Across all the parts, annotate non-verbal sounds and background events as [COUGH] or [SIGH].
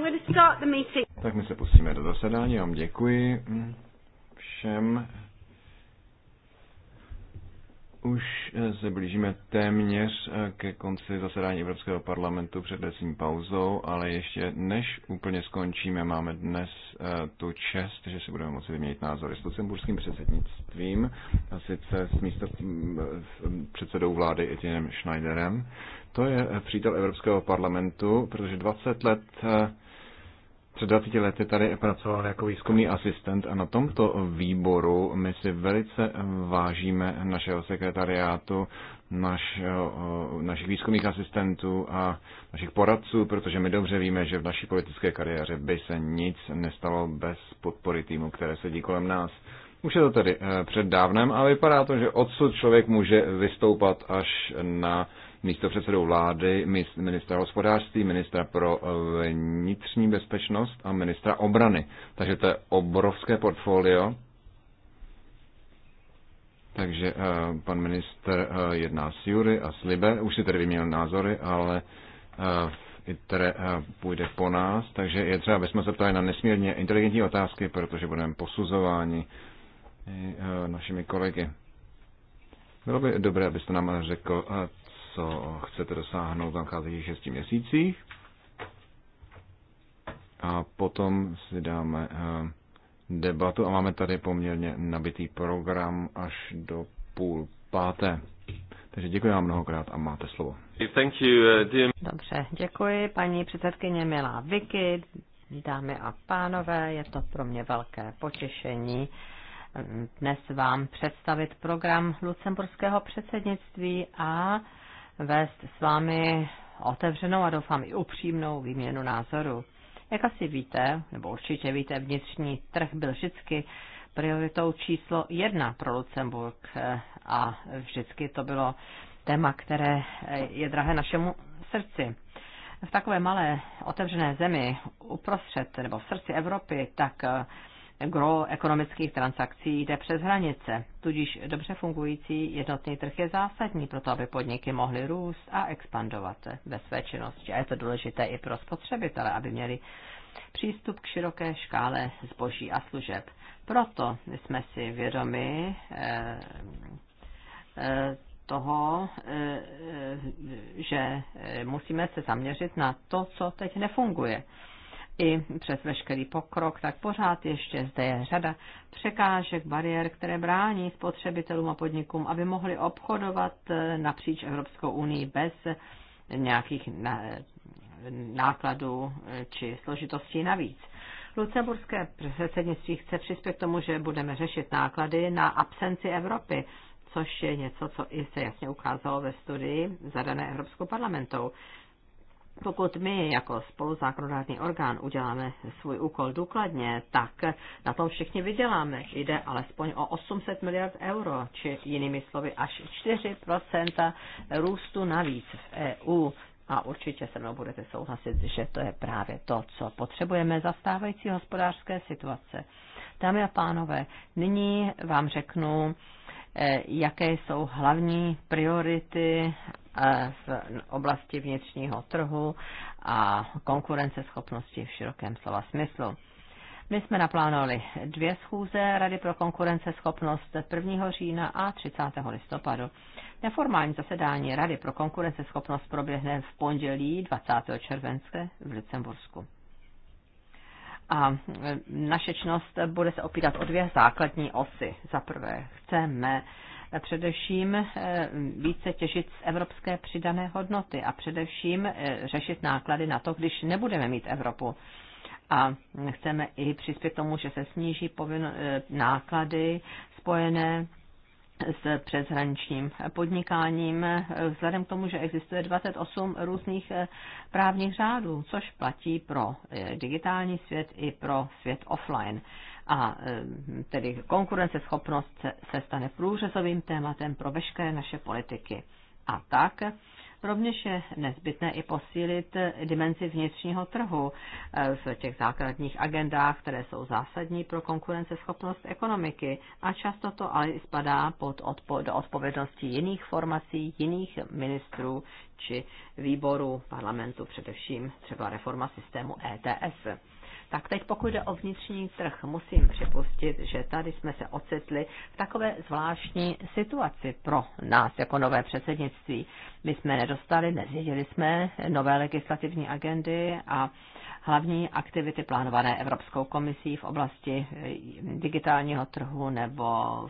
I'm going to start the meeting. Tak my se pustíme do zasedání. Já vám děkuji všem. Už se blížíme téměř ke konci zasedání Evropského parlamentu před lesní pauzou, ale ještě než úplně skončíme, máme dnes eh, tu čest, že si budeme moci vyměnit názory s lucemburským předsednictvím, a sice s místo eh, předsedou vlády Etienem Schneiderem. To je přítel Evropského parlamentu, protože 20 let eh, před 20 lety tady pracoval jako výzkumný asistent a na tomto výboru my si velice vážíme našeho sekretariátu, naš, našich výzkumných asistentů a našich poradců, protože my dobře víme, že v naší politické kariéře by se nic nestalo bez podpory týmu, které sedí kolem nás. Už je to tedy eh, před dávnem a vypadá to, že odsud člověk může vystoupat až na místo předsedou vlády, ministra hospodářství, ministra pro eh, vnitřní bezpečnost a ministra obrany. Takže to je obrovské portfolio. Takže eh, pan minister eh, jedná s Jury a s Libe, už si tedy vyměnil názory, ale které půjde po nás, takže je třeba, abychom se ptali na nesmírně inteligentní otázky, protože budeme posuzováni našimi kolegy. Bylo by dobré, abyste nám řekl, co chcete dosáhnout v nadcházejících 6 měsících. A potom si dáme eh, debatu a máme tady poměrně nabitý program až do půl páté. Takže děkuji vám mnohokrát a máte slovo. Eh, Dobře, děkuji paní předsedkyně milá Vicky, dámy a pánové, je to pro mě velké potěšení mm, dnes vám představit program lucemburského předsednictví a vést s vámi otevřenou a doufám i upřímnou výměnu názoru. Jak asi víte, nebo určitě víte, vnitřní trh byl vždycky prioritou číslo jedna pro Lucemburg eh, a vždycky to bylo téma, které eh, je drahé našemu srdci. V takové malé otevřené zemi uprostřed nebo v srdci Evropy, tak eh, gro ekonomických transakcí jde přes hranice, tudíž dobře fungující jednotný trh je zásadní pro to, aby podniky mohly růst a expandovat ve své činnosti. A je to důležité i pro spotřebitele, aby měli přístup k široké škále zboží a služeb. Proto jsme si vědomi eh, eh, toho, eh, že musíme se zaměřit na to, co teď nefunguje i přes veškerý pokrok, tak pořád ještě zde je řada překážek, bariér, které brání spotřebitelům a podnikům, aby mohli obchodovat eh, napříč Evropskou unii bez nějakých nákladů eh, či složitostí navíc. Lucemburské předsednictví chce přispět k tomu, že budeme řešit náklady na absenci Evropy, což je něco, co i se jasně ukázalo ve studii zadané Evropskou parlamentou pokud my jako spoluzákonodárný orgán uděláme svůj úkol důkladně, tak na tom všichni vyděláme. Jde alespoň o 800 miliard euro, či jinými slovy až 4% růstu navíc v EU. A určitě se mnou budete souhlasit, že to je právě to, co potřebujeme za stávající hospodářské situace. Dámy a pánové, nyní vám řeknu, eh, jaké jsou hlavní priority Eh, v oblasti vnitřního trhu a konkurenceschopnosti v širokém slova smyslu. My jsme naplánovali dvě schůze Rady pro konkurenceschopnost 1. října a 30. listopadu. Neformální zasedání Rady pro konkurenceschopnost proběhne v pondělí 20. července v Lucembursku. A eh, naše činnost bude se opírat o dvě základní osy. Za prvé, chceme především eh, více těžit z evropské přidané hodnoty a především eh, řešit náklady na to, když nebudeme mít Evropu. A chceme i přispět tomu, že se sníží eh, náklady spojené s přeshraničním podnikáním, vzhledem k tomu, že existuje 28 různých právních řádů, což platí pro digitální svět i pro svět offline a tedy konkurenceschopnost se stane průřezovým tématem pro veškeré naše politiky. A tak rovněž je nezbytné i posílit dimenzi vnitřního trhu e, v těch základních agendách, které jsou zásadní pro konkurenceschopnost ekonomiky a často to ale spadá pod odpo- do odpovědnosti jiných formací, jiných ministrů či výborů parlamentu, především třeba reforma systému ETS. Tak teď pokud jde o vnitřní trh, musím připustit, že tady jsme se ocitli v takové zvláštní situaci pro nás jako nové předsednictví. My jsme nedostali, nezvěděli jsme nové legislativní agendy a hlavní aktivity plánované Evropskou komisí v oblasti eh, digitálního trhu nebo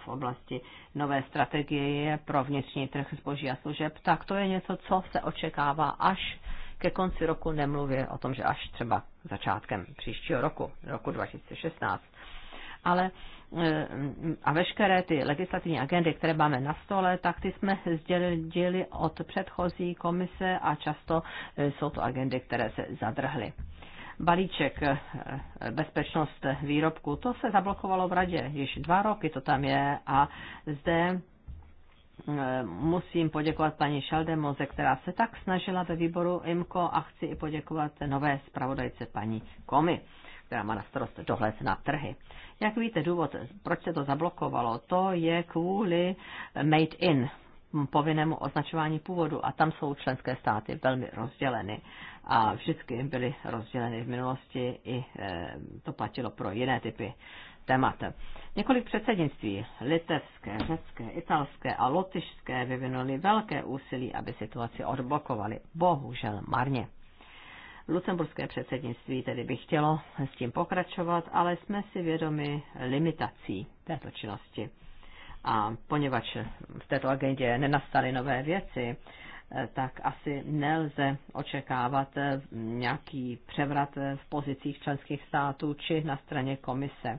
v oblasti nové strategie pro vnitřní trh zboží a služeb, tak to je něco, co se očekává až ke konci roku, nemluvě o tom, že až třeba začátkem příštího roku, roku 2016. Ale eh, a veškeré ty legislativní agendy, které máme na stole, tak ty jsme sdělili od předchozí komise a často eh, jsou to agendy, které se zadrhly balíček eh, bezpečnost výrobku. To se zablokovalo v radě již dva roky, to tam je a zde musím poděkovat paní Šaldemoze, která se tak snažila ve výboru IMKO a chci i poděkovat nové zpravodajce paní Komi, která má na starost dohled na trhy. Jak víte, důvod, proč se to zablokovalo, to je kvůli made in, povinnému označování původu a tam jsou členské státy velmi rozděleny a vždycky byly rozděleny v minulosti i eh, to platilo pro jiné typy témat. Několik předsednictví, litevské, řecké, italské a lotyšské, vyvinuli velké úsilí, aby situaci odblokovali. Bohužel marně. Lucemburské předsednictví tedy by chtělo s tím pokračovat, ale jsme si vědomi limitací této činnosti. A poněvadž v této agendě nenastaly nové věci, tak asi nelze očekávat nějaký převrat v pozicích členských států či na straně komise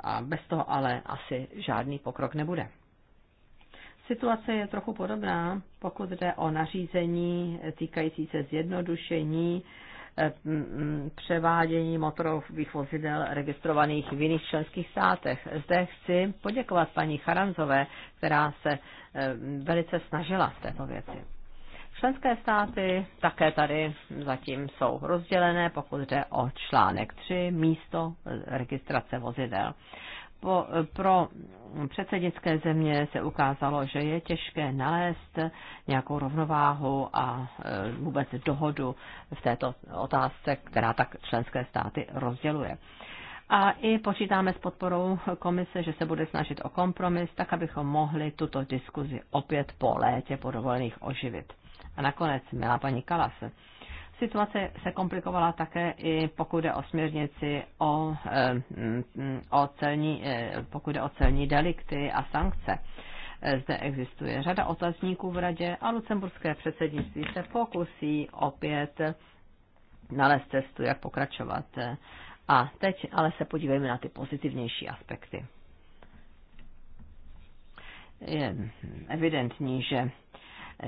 a bez toho ale asi žádný pokrok nebude. Situace je trochu podobná, pokud jde o nařízení týkající se zjednodušení eh, převádění motorových vozidel registrovaných v jiných členských státech. Zde chci poděkovat paní Charanzové, která se eh, velice snažila v této věci. Členské státy také tady zatím jsou rozdělené, pokud jde o článek 3, místo registrace vozidel. Po, pro předsednické země se ukázalo, že je těžké nalézt nějakou rovnováhu a e, vůbec dohodu v této otázce, která tak členské státy rozděluje. A i počítáme s podporou komise, že se bude snažit o kompromis, tak abychom mohli tuto diskuzi opět po létě po dovolených oživit. A nakonec, milá paní Kalas, Situace se komplikovala také i pokud jde o směrnici, o, eh, o celní, eh, pokud jde o celní delikty a sankce. Eh, zde existuje řada otazníků v radě a lucemburské předsednictví se pokusí opět nalézt cestu, jak pokračovat. A teď ale se podívejme na ty pozitivnější aspekty. Je evidentní, že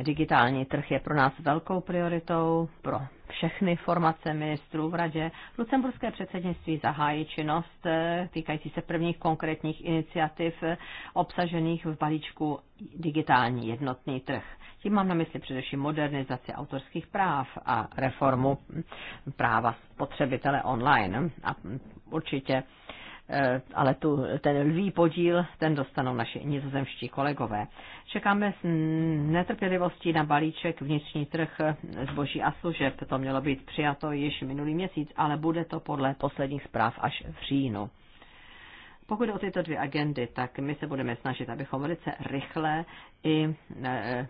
Digitální trh je pro nás velkou prioritou, pro všechny formace ministrů v radě. Lucemburské předsednictví zahájí činnost eh, týkající se prvních konkrétních iniciativ eh, obsažených v balíčku digitální jednotný trh. Tím mám na mysli především modernizaci autorských práv a reformu práva spotřebitele online. A určitě Eh, ale tu, ten lví podíl, ten dostanou naši nizozemští kolegové. Čekáme s netrpělivostí na balíček vnitřní trh zboží a služeb. To mělo být přijato již minulý měsíc, ale bude to podle posledních zpráv až v říjnu. Pokud o tyto dvě agendy, tak my se budeme snažit, abychom velice rychle i eh,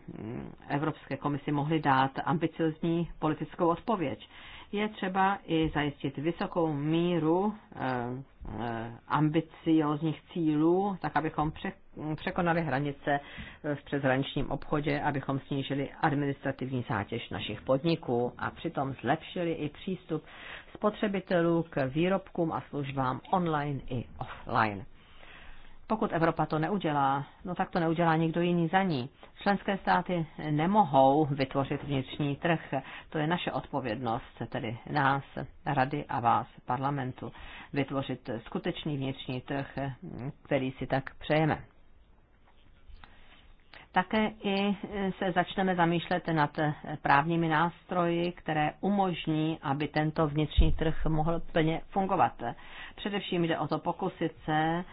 Evropské komisi mohli dát ambiciozní politickou odpověď je třeba i zajistit vysokou míru eh, eh, ambiciozních cílů, tak abychom překonali hranice v přeshraničním obchodě, abychom snížili administrativní zátěž našich podniků a přitom zlepšili i přístup spotřebitelů k výrobkům a službám online i offline. Pokud Evropa to neudělá, no tak to neudělá nikdo jiný za ní. Členské státy nemohou vytvořit vnitřní trh. To je naše odpovědnost, tedy nás, rady a vás, parlamentu, vytvořit skutečný vnitřní trh, který si tak přejeme. Také i se začneme zamýšlet nad právními nástroji, které umožní, aby tento vnitřní trh mohl plně fungovat. Především jde o to pokusit se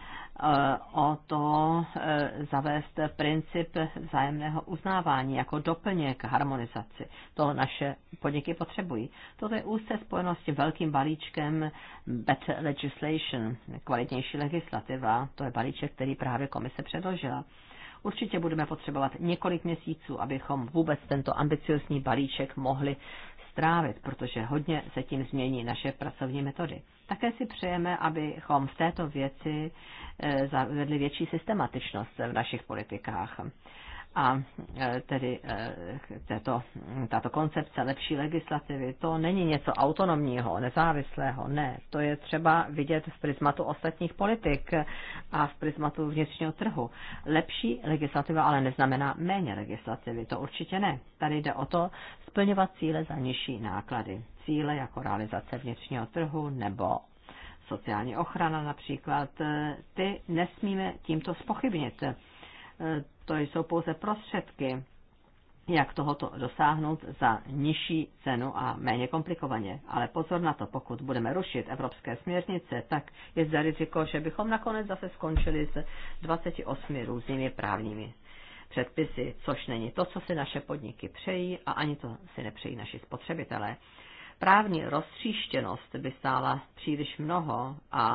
o to e, zavést princip vzájemného uznávání jako doplněk harmonizaci. To naše podniky potřebují. Toto je úzce spojeno s tím velkým balíčkem Better Legislation, kvalitnější legislativa. To je balíček, který právě komise předložila. Určitě budeme potřebovat několik měsíců, abychom vůbec tento ambiciozní balíček mohli strávit, protože hodně se tím změní naše pracovní metody. Také si přejeme, abychom v této věci eh, zavedli větší systematičnost v našich politikách. A eh, tedy eh, této, tato koncepce lepší legislativy, to není něco autonomního, nezávislého, ne. To je třeba vidět v prismatu ostatních politik a v prismatu vnitřního trhu. Lepší legislativa ale neznamená méně legislativy, to určitě ne. Tady jde o to splňovat cíle za nižší náklady cíle jako realizace vnitřního trhu nebo sociální ochrana například, ty nesmíme tímto spochybnit. To jsou pouze prostředky, jak tohoto dosáhnout za nižší cenu a méně komplikovaně. Ale pozor na to, pokud budeme rušit evropské směrnice, tak je zde riziko, že bychom nakonec zase skončili s 28 různými právními předpisy, což není to, co si naše podniky přejí a ani to si nepřejí naši spotřebitelé právní roztříštěnost by stála příliš mnoho a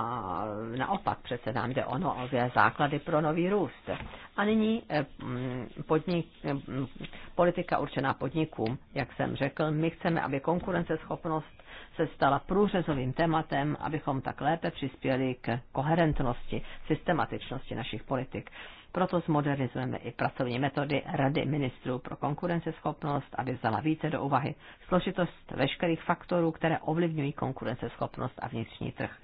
naopak přece nám jde ono o základy pro nový růst. A nyní eh, mm, podnik, eh, mm, politika určená podnikům, jak jsem řekl, my chceme, aby konkurenceschopnost se stala průřezovým tématem, abychom tak lépe přispěli k koherentnosti, systematičnosti našich politik. Proto zmodernizujeme i pracovní metody Rady ministrů pro konkurenceschopnost, aby vzala více do úvahy složitost veškerých faktorů, které ovlivňují konkurenceschopnost a vnitřní trh.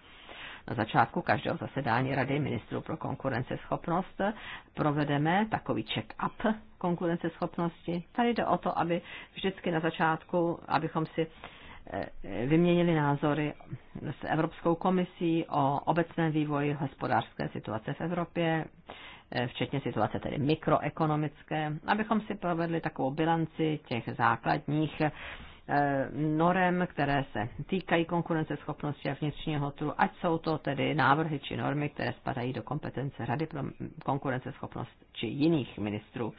Na začátku každého zasedání Rady ministrů pro konkurenceschopnost provedeme takový check-up konkurenceschopnosti. Tady jde o to, aby vždycky na začátku, abychom si vyměnili názory s Evropskou komisí o obecném vývoji hospodářské situace v Evropě, eh, včetně situace tedy mikroekonomické, abychom si provedli takovou bilanci těch základních eh, norem, které se týkají konkurenceschopnosti a vnitřního trhu, ať jsou to tedy návrhy či normy, které spadají do kompetence Rady pro konkurenceschopnost či jiných ministrů.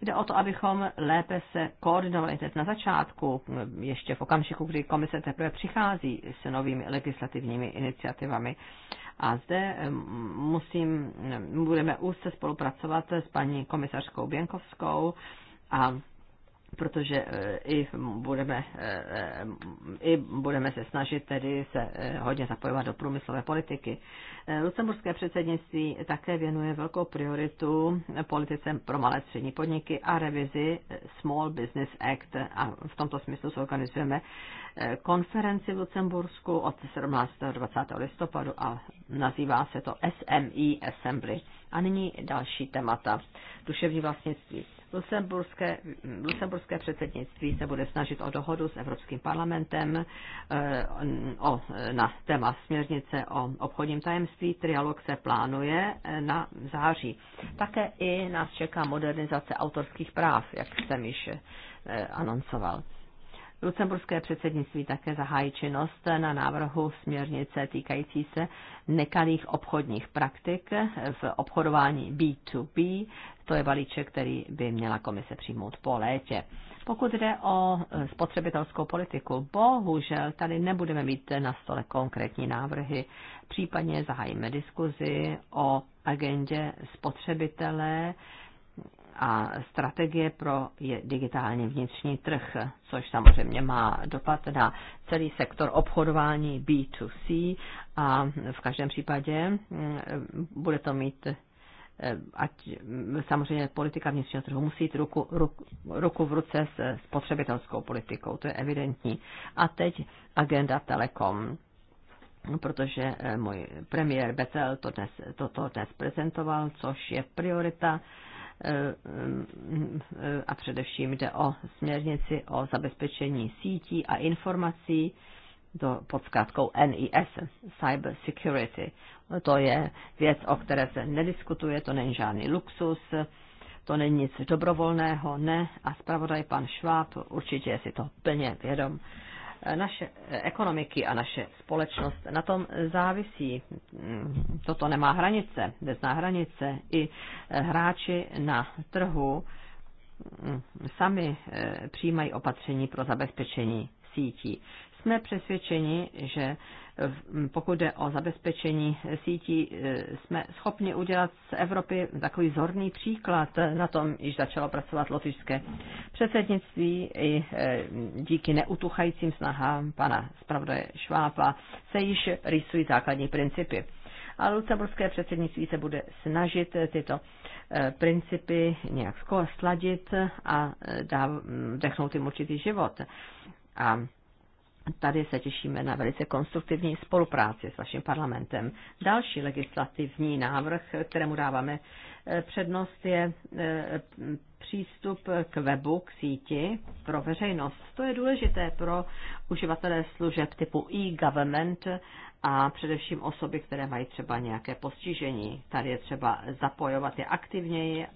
Jde o to, abychom lépe se koordinovali teď na začátku, ještě v okamžiku, kdy komise teprve přichází s novými legislativními iniciativami. A zde musím, budeme úzce spolupracovat s paní komisařkou Běnkovskou a protože eh, i budeme, eh, eh, i budeme se snažit tedy se hodně zapojovat do průmyslové politiky. Lucemburské předsednictví také věnuje velkou prioritu politice pro malé střední podniky a revizi Small Business Act a v tomto smyslu zorganizujeme konferenci v Lucembursku od 17. do 20. listopadu a nazývá se to SME Assembly. A nyní další témata. Duševní vlastnictví. Lucemburské, Lucemburské předsednictví se bude snažit o dohodu s Evropským parlamentem eh, o, na téma směrnice o obchodním tajemství. Trialog se plánuje eh, na září. Také i nás čeká modernizace autorských práv, jak jsem již eh, anoncoval. Lucemburské předsednictví také zahájí činnost na návrhu směrnice týkající se nekalých obchodních praktik v obchodování B2B. To je balíček, který by měla komise přijmout po létě. Pokud jde o spotřebitelskou politiku, bohužel tady nebudeme mít na stole konkrétní návrhy. Případně zahájíme diskuzi o agendě spotřebitele, a strategie pro je digitální vnitřní trh, což samozřejmě má dopad na celý sektor obchodování B2C a v každém případě mm, bude to mít eh, ať mm, samozřejmě politika vnitřního trhu musí jít ruku, ruku, ruku v ruce s spotřebitelskou politikou, to je evidentní. A teď agenda Telekom protože eh, můj premiér Betel to dnes, toto dnes prezentoval, což je priorita Eh, eh, eh, a především jde o směrnici o zabezpečení sítí a informací do, pod zkrátkou NIS, Cyber Security. To je věc, o které se nediskutuje, to není žádný luxus, to není nic dobrovolného, ne. A zpravodaj pan Šváb určitě je si to plně vědom naše ekonomiky a naše společnost na tom závisí. Toto nemá hranice, nezná hranice. I eh, hráči na trhu mm, sami eh, přijímají opatření pro zabezpečení sítí. Jsme přesvědčeni, že pokud jde o zabezpečení sítí, e, jsme schopni udělat z Evropy takový zorný příklad. Na tom již začalo pracovat lotyšské předsednictví i e, díky neutuchajícím snahám pana zpravodaje Švápa se již rýsují základní principy. A lucemburské předsednictví se bude snažit tyto e, principy nějak sladit a dechnout jim určitý život. A Tady se těšíme na velice konstruktivní spolupráci s vaším parlamentem. Další legislativní návrh, kterému dáváme eh, přednost, je eh, přístup k webu, k síti pro veřejnost. To je důležité pro uživatele služeb typu e-government a především osoby, které mají třeba nějaké postižení. Tady je třeba zapojovat je aktivněji,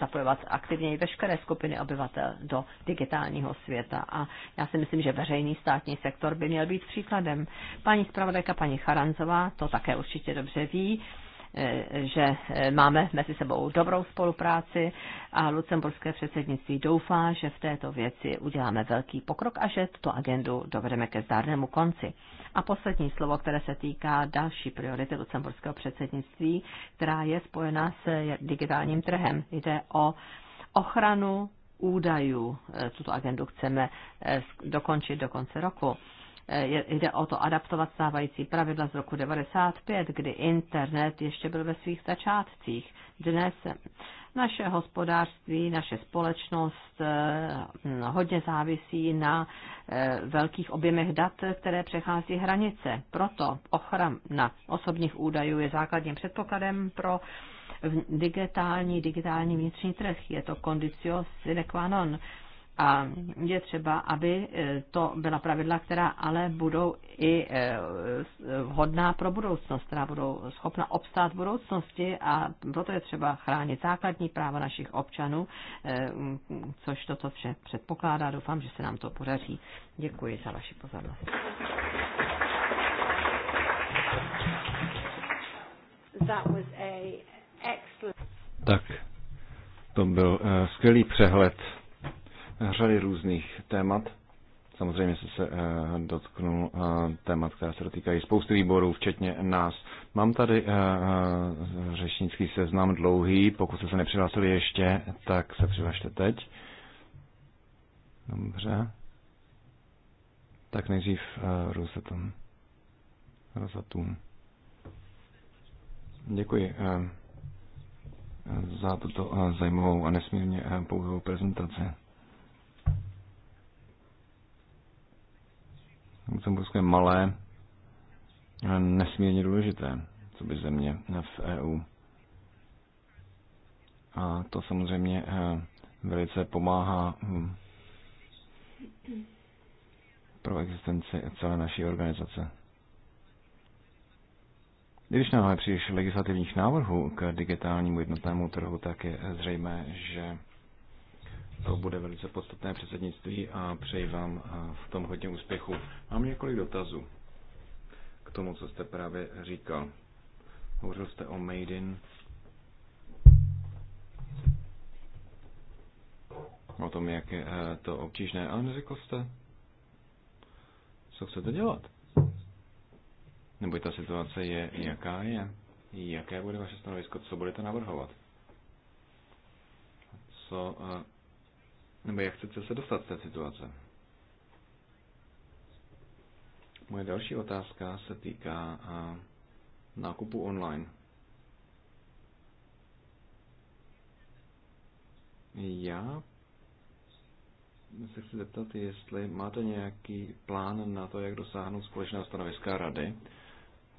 zapojovat aktivněji veškeré skupiny obyvatel do digitálního světa. A já si myslím, že veřejný státní sektor by měl být příkladem. Paní zpravodajka, paní Charanzová, to také určitě dobře ví. Eh, že eh, máme mezi sebou dobrou spolupráci a lucemburské předsednictví doufá, že v této věci uděláme velký pokrok a že tuto agendu dovedeme ke zdárnému konci. A poslední slovo, které se týká další priority lucemburského předsednictví, která je spojena s eh, digitálním trhem. Jde o ochranu údajů. Tuto agendu chceme dokončit do konce roku jde o to adaptovat stávající pravidla z roku 95, kdy internet ještě byl ve svých začátcích. Dnes naše hospodářství, naše společnost eh, hodně závisí na eh, velkých objemech dat, které přechází hranice. Proto ochrana osobních údajů je základním předpokladem pro digitální, digitální vnitřní trh. Je to kondicio sine qua non. A je třeba, aby e, to byla pravidla, která ale budou i e, e, vhodná pro budoucnost, která budou schopna obstát v budoucnosti a proto je třeba chránit základní práva našich občanů, což toto vše předpokládá. Doufám, že se nám to podaří. Děkuji za vaši pozornost. Tak, to byl uh, skvělý přehled řady různých témat. Samozřejmě se, se eh, dotknul eh, témat, která se dotýkají spousty výborů, včetně nás. Mám tady eh, řečnický seznam dlouhý, pokud jste se nepřihlásili ještě, tak se přihlašte teď. Dobře. Tak nejdřív uh, Rosatom. Rosatum. Děkuji za tuto zajímavou a nesmírně pouhou prezentaci. Lucembursko je malé, ale nesmírně důležité, co by země v EU. A to samozřejmě eh, velice pomáhá hm, pro existenci celé naší organizace. Když máme příliš legislativních návrhů k digitálnímu jednotnému trhu, tak je zřejmé, že to bude velice podstatné předsednictví a přeji vám eh, v tom hodně úspěchu. Mám několik dotazů k tomu, co jste právě říkal. Hovořil jste o Made in, o tom, jak je eh, to obtížné, ale neřekl jste, co chcete dělat. Nebo ta situace je, jaká je, jaké bude vaše stanovisko, co budete navrhovat. Co eh, nebo jak chcete se dostat z té situace? Moje další otázka se týká nákupu online. Já se chci zeptat, jestli máte nějaký plán na to, jak dosáhnout společného stanoviska rady,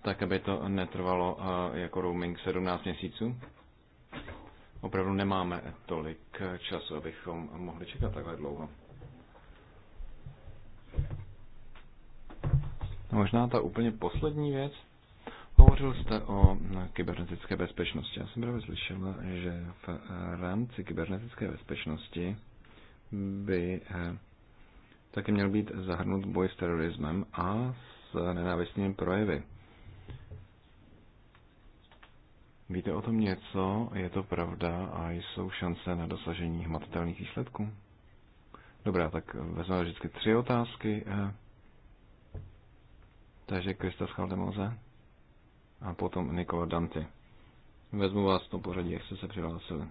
tak aby to netrvalo jako roaming 17 měsíců? opravdu nemáme tolik času, abychom mohli čekat takhle dlouho. A možná ta úplně poslední věc. Hovořil jste o kybernetické bezpečnosti. Já jsem právě slyšel, že v rámci kybernetické bezpečnosti by eh, taky měl být zahrnut boj s terorismem a s nenávistnými projevy. Víte o tom něco? Je to pravda a jsou šance na dosažení hmatatelných výsledků? Dobrá, tak vezmeme vždycky tři otázky. Eh, takže Krista Schaldemoze a potom Nikola Danti. Vezmu vás to pořadí, jak jste se přihlásili.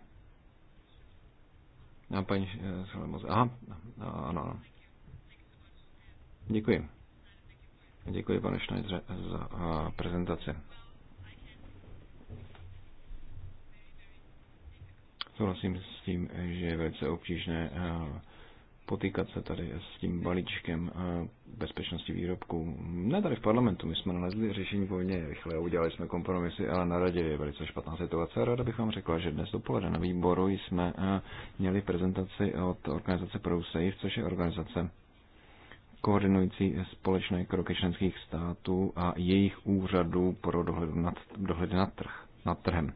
A paní eh, Schaldemoze. Aha, ano, ano. Děkuji. Děkuji, pane Šnajdře, za eh, prezentaci. Souhlasím s tím, že je velice obtížné eh, potýkat se tady s tím balíčkem eh, bezpečnosti výrobků. Ne tady v parlamentu, my jsme nalezli řešení poměrně rychle, udělali jsme kompromisy, ale na radě je velice špatná situace. A rada bych vám řekla, že dnes dopoledne na výboru jsme eh, měli prezentaci od organizace ProSafe, což je organizace koordinující společné kroky členských států a jejich úřadů pro dohled nad, dohled nad, trh, nad trhem.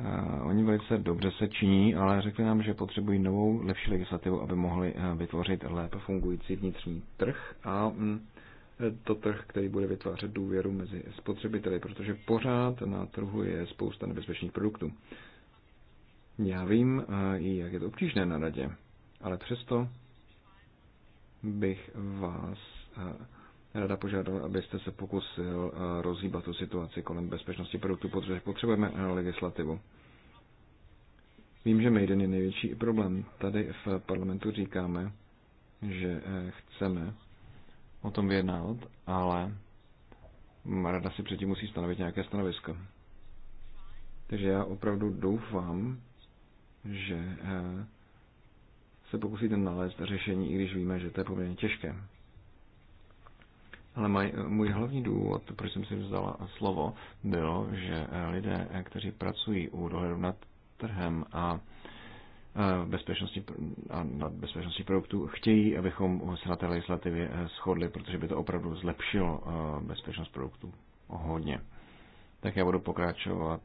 Eh, oni velice dobře se činí, ale řekli nám, že potřebují novou, lepší legislativu, aby mohli eh, vytvořit lépe fungující vnitřní trh a mm, eh, to trh, který bude vytvářet důvěru mezi spotřebiteli, protože pořád na trhu je spousta nebezpečných produktů. Já vím, jak je to obtížné na radě, ale přesto bych vás Rada požádala, abyste se pokusil eh, rozhýbat tu situaci kolem bezpečnosti produktů, protože potřebujeme eh, legislativu. Vím, že Maiden je největší problém. Tady v parlamentu říkáme, že eh, chceme o tom vyjednávat, ale rada si předtím musí stanovit nějaké stanovisko. Takže já opravdu doufám, že se pokusíte nalézt řešení, i když víme, že to je poměrně těžké. Ale maj, můj hlavní důvod, proč jsem si vzala slovo, bylo, že eh, lidé, eh, kteří pracují u dohledu nad trhem a eh, bezpečnosti a nad bezpečností produktů chtějí, abychom se na té legislativě shodli, protože by to opravdu zlepšilo bezpečnost produktů hodně. Tak já budu pokračovat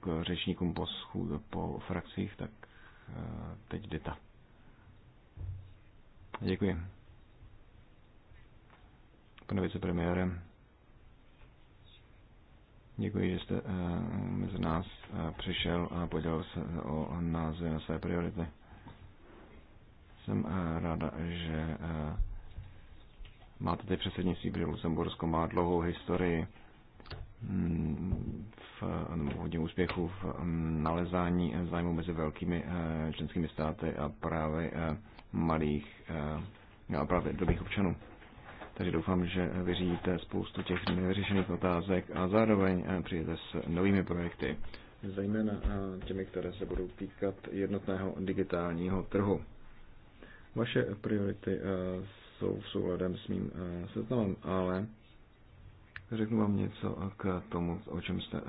k řečníkům po, schůd, po frakcích, tak teď Dita. Děkuji pane vicepremiére. Děkuji, že jste eh, mezi nás eh, přišel a podělil se o názvy na své priority. Jsem eh, ráda, že máte ty předsednictví, protože Lucembursko má dlouhou historii mm, v, hodně úspěchů v mm, nalezání zájmu mezi velkými členskými státy a právě malých a právě dobrých občanů. Takže doufám, že vyřídíte spoustu těch nevyřešených otázek a zároveň eh, přijete s novými projekty, zejména eh, těmi, které se budou týkat jednotného digitálního trhu. Vaše priority eh, jsou v souhledem s mým seznamem, ale řeknu vám něco k tomu, o čem jste,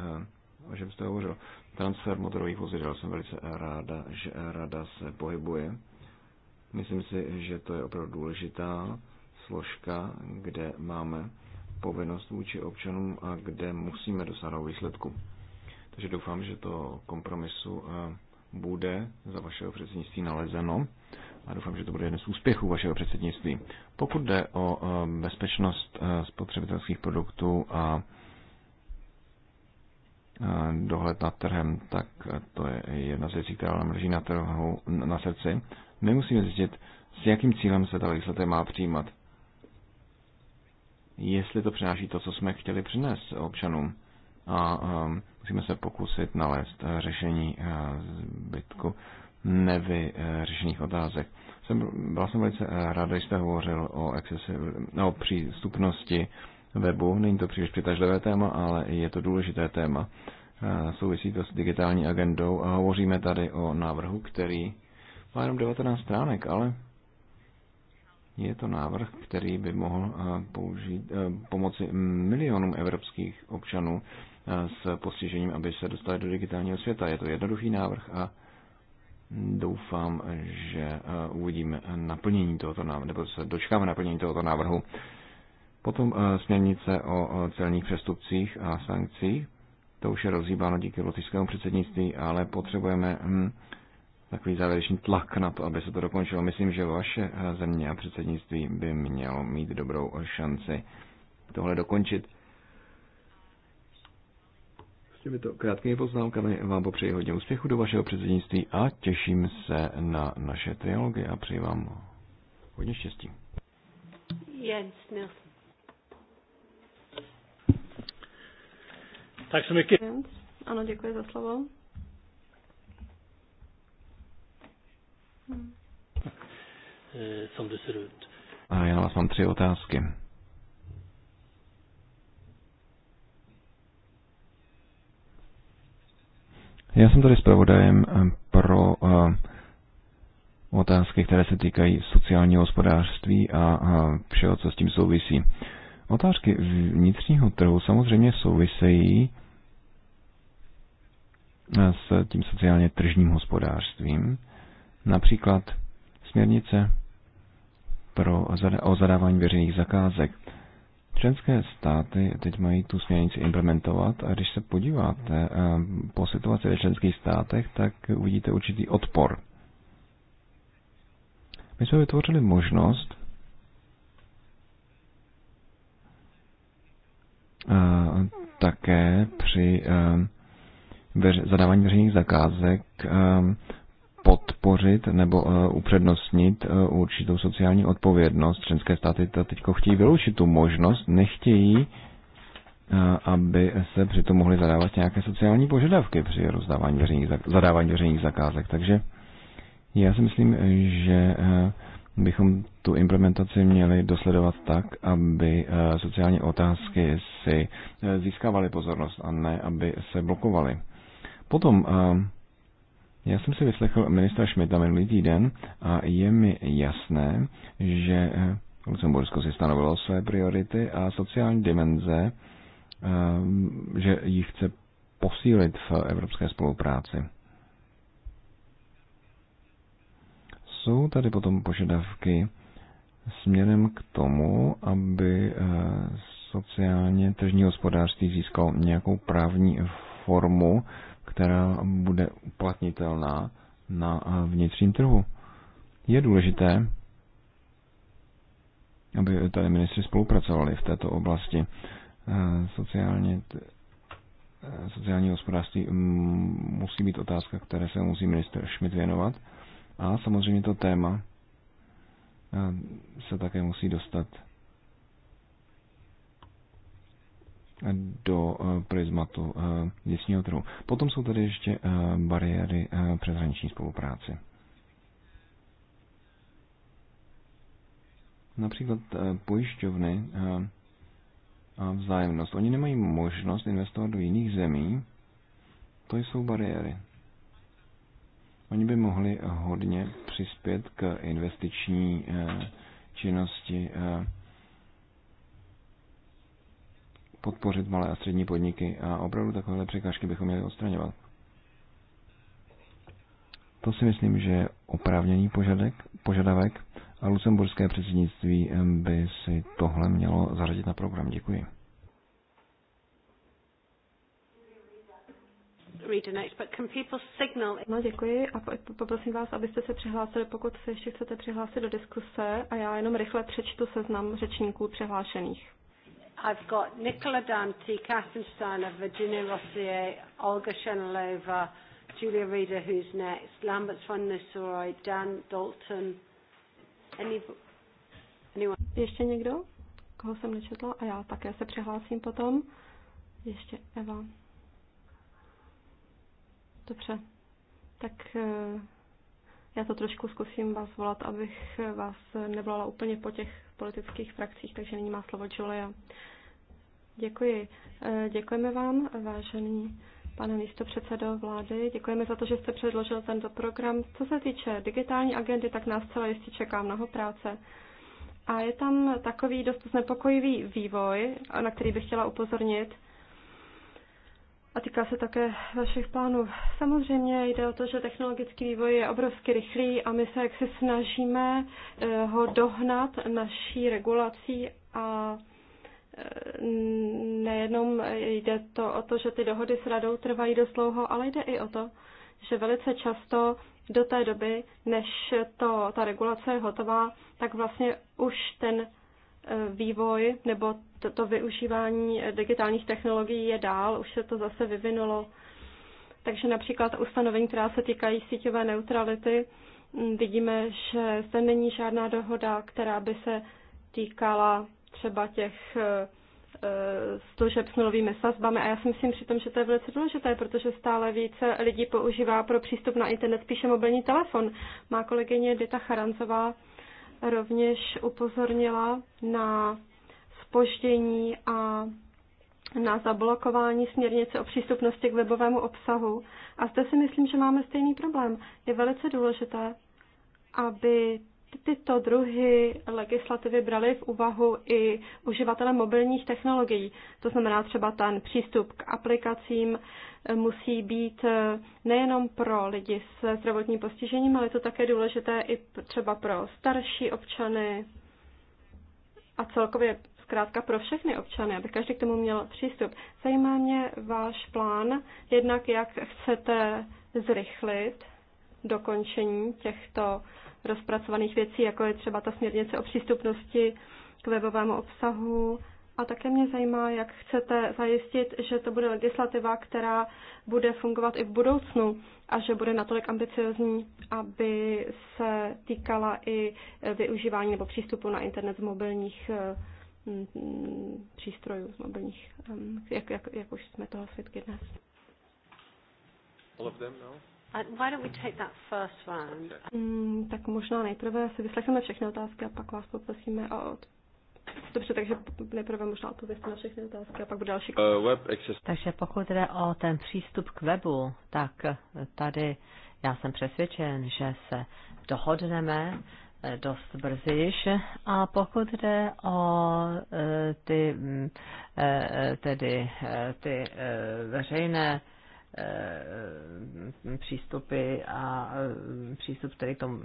o čem jste hovořil. Transfer motorových vozidel jsem velice ráda, že rada se pohybuje. Myslím si, že to je opravdu důležitá složka, kde máme povinnost vůči občanům a kde musíme dosáhnout výsledku. Takže doufám, že to kompromisu eh, bude za vašeho předsednictví nalezeno a doufám, že to bude jeden z úspěchů vašeho předsednictví. Pokud jde o eh, bezpečnost eh, spotřebitelských produktů a dohled nad trhem, tak to je jedna z věcí, která nám leží na, trhu, na srdci. My musíme zjistit, s jakým cílem se ta legislativa má přijímat jestli to přináší to, co jsme chtěli přinést občanům. A musíme se pokusit nalézt eh, řešení eh, zbytku nevyřešených otázek. Jsem, byl jsem velice eh, rád, že jste hovořil o, no, o přístupnosti webu. Není to příliš přitažlivé téma, ale je to důležité téma. Souvisí to s digitální agendou a hovoříme tady o návrhu, který má jenom 19 stránek, ale je to návrh, který by mohl eh, použít, eh, pomoci milionům evropských občanů eh, s postižením, aby se dostali do digitálního světa. Je to jednoduchý návrh a doufám, že uvidíme naplnění tohoto návrhu, nebo se dočkáme naplnění tohoto návrhu. Potom směrnice o celních přestupcích a sankcích. To už je rozhýbáno díky lotyšskému předsednictví, ale potřebujeme hm, takový závěrečný tlak na to, aby se to dokončilo. Myslím, že vaše eh, země a předsednictví by mělo mít dobrou šanci tohle dokončit. S těmito krátkými poznámkami vám popřeji hodně úspěchu do vašeho předsednictví a těším se na naše trialogy a přeji vám hodně štěstí. Jens Nilsson. Tak se Ano, děkuji za slovo. Som det ser ut. já vás mám tři otázky. Já jsem tady zpravodajem eh, pro eh, otázky, které se týkají sociálního hospodářství a všeho, co s tím souvisí. Otázky vnitřního trhu samozřejmě souvisejí eh, s tím sociálně tržním hospodářstvím Například směrnice pro, o zadávání veřejných zakázek. Členské státy teď mají tu směrnici implementovat a když se podíváte eh, po situaci ve členských státech, tak uvidíte určitý odpor. My jsme vytvořili možnost eh, také při eh, zadávání veřejných zakázek podpořit nebo eh, upřednostnit eh, určitou sociální odpovědnost. Členské státy teď chtějí vyloučit tu možnost, nechtějí, eh, aby se přitom mohly zadávat nějaké sociální požadavky při rozdávání veřejných, zadávání veřejných zakázek. Takže já si myslím, že bychom tu implementaci měli dosledovat tak, aby sociální otázky si získávaly pozornost a ne, aby se blokovaly. Potom já jsem si vyslechl ministra Šmita minulý týden a je mi jasné, že eh, Lucembursko si stanovilo své priority a sociální dimenze, eh, že ji chce posílit v evropské spolupráci. Jsou tady potom požadavky směrem k tomu, aby eh, sociálně tržní hospodářství získalo nějakou právní formu která bude uplatnitelná na eh, vnitřním trhu. Je důležité, aby tady ministři spolupracovali v této oblasti. Eh, sociálně, eh, sociální hospodářství mm, musí být otázka, které se musí minister Schmidt věnovat. A samozřejmě to téma se také musí dostat do eh, prismatu eh, vnitřního trhu. Potom jsou tady ještě eh, bariéry přeshraniční spolupráci. Například pojišťovny a vzájemnost. Oni nemají možnost investovat do jiných zemí. To jsou bariéry. Oni by mohli hodně přispět k investiční činnosti podpořit malé a střední podniky a opravdu takovéhle překážky bychom měli odstraňovat. To si myslím, že je oprávněný požadek, požadavek a lucemburské předsednictví by si tohle mělo zařadit na program. Děkuji. No, děkuji a poprosím vás, abyste se přihlásili, pokud se ještě chcete přihlásit do diskuse a já jenom rychle přečtu seznam řečníků přihlášených. I've got Nicola Dante, Catherine Steiner, Virginia Rossier, Olga Shenilova, Julia Reader, who's next, Lambert von Nisoroy, Dan Dalton. Any, anyone? Ještě někdo? Koho jsem nečetla? A já také se přihlásím potom. Ještě Eva. Dobře. Tak eh, já to trošku zkusím vás volat, abych vás nevolala úplně po těch politických frakcích, takže nyní má slovo Julia. Děkuji. Eh, děkujeme vám, vážený pane předsedo vlády. Děkujeme za to, že jste předložil tento program. Co se týče digitální agendy, tak nás celé jistě čeká mnoho práce. A je tam takový dost znepokojivý vývoj, na který bych chtěla upozornit a týká se také vašich plánů. Samozřejmě jde o to, že technologický vývoj je obrovsky rychlý a my se jaksi snažíme eh, ho dohnat naší regulací a eh, nejenom jde to o to, že ty dohody s radou trvají dost dlouho, ale jde i o to, že velice často do té doby, než to, ta regulace je hotová, tak vlastně už ten vývoj nebo to, to využívání digitálních technologií je dál, už se to zase vyvinulo. Takže například ustanovení, která se týkají síťové neutrality, mm, vidíme, že zde není žádná dohoda, která by se týkala třeba těch e, e, služeb s nulovými sazbami. A já si myslím přitom, že to je velice důležité, protože stále více lidí používá pro přístup na internet spíše mobilní telefon. Má kolegyně Dita Charanzová rovněž upozornila na spoždění a na zablokování směrnice o přístupnosti k webovému obsahu. A zde si myslím, že máme stejný problém. Je velice důležité, aby tyto druhy legislativy brali v úvahu i uživatele mobilních technologií. To znamená třeba ten přístup k aplikacím eh, musí být eh, nejenom pro lidi s zdravotním postižením, ale je to také důležité i třeba pro starší občany a celkově zkrátka pro všechny občany, aby každý k tomu měl přístup. Zajímá mě váš plán, jednak jak chcete zrychlit dokončení těchto rozpracovaných věcí, jako je třeba ta směrnice o přístupnosti k webovému obsahu. A také mě zajímá, jak chcete zajistit, že to bude legislativa, která bude fungovat i v budoucnu a že bude natolik ambiciozní, aby se týkala i využívání nebo přístupu na internet z mobilních eh, přístrojů, z mobilních, eh, jak, jak, jak už jsme toho svědky dnes. All of them no? Uh, why don't we take that first round? Mm, tak možná nejprve si vyslechneme všechny otázky a pak vás poprosíme o od... Dobře, takže nejprve možná odpověste na všechny otázky a pak bude další. Uh, web access. Takže pokud jde o ten přístup k webu, tak tady já jsem přesvědčen, že se dohodneme eh, dost brzy již. A pokud jde o eh, ty, mm, tedy, ty veřejné Eh, eh, přístupy a eh, přístup tedy k tomu,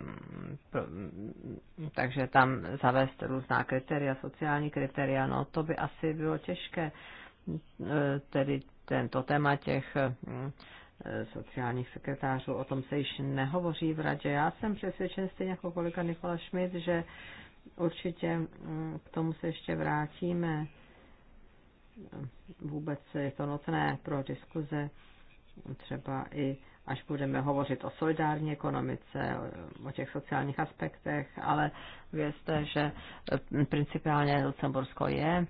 takže tam zavést různá kritéria, sociální kritéria, no to by asi bylo těžké, tedy tento téma těch sociálních sekretářů, o tom se již nehovoří v radě. Já jsem přesvědčen stejně jako kolega Nikola Schmidt, že určitě mm, k tomu se ještě vrátíme. Vůbec je to nutné pro diskuze třeba i až budeme hovořit o solidární ekonomice, o těch sociálních aspektech, ale vězte, že principiálně Lucembursko je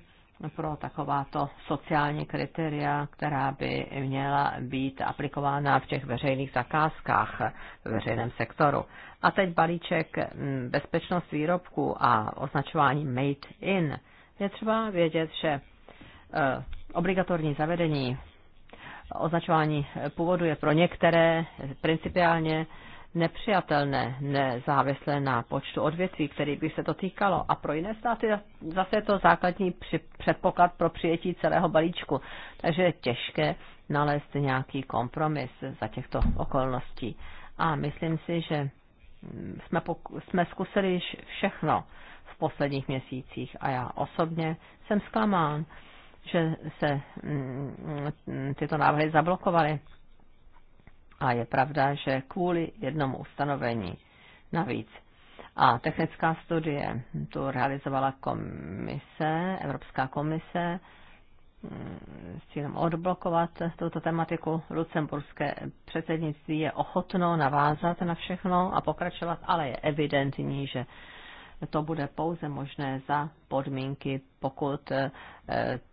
pro takováto sociální kritéria, která by měla být aplikována v těch veřejných zakázkách ve veřejném sektoru. A teď balíček bezpečnost výrobku a označování made in. Je třeba vědět, že eh, obligatorní zavedení označování původu je pro některé principiálně nepřijatelné, nezávislé na počtu odvětví, který by se to týkalo. A pro jiné státy zase je to základní předpoklad pro přijetí celého balíčku. Takže je těžké nalézt nějaký kompromis za těchto okolností. A myslím si, že jsme, pok- jsme zkusili již všechno v posledních měsících a já osobně jsem zklamán že se mm, mm, tyto návrhy zablokovaly. A je pravda, že kvůli jednomu ustanovení navíc. A technická studie tu realizovala komise, Evropská komise, mm, s cílem odblokovat tuto tematiku. Lucemburské předsednictví je ochotno navázat na všechno a pokračovat, ale je evidentní, že to bude pouze možné za podmínky, pokud eh,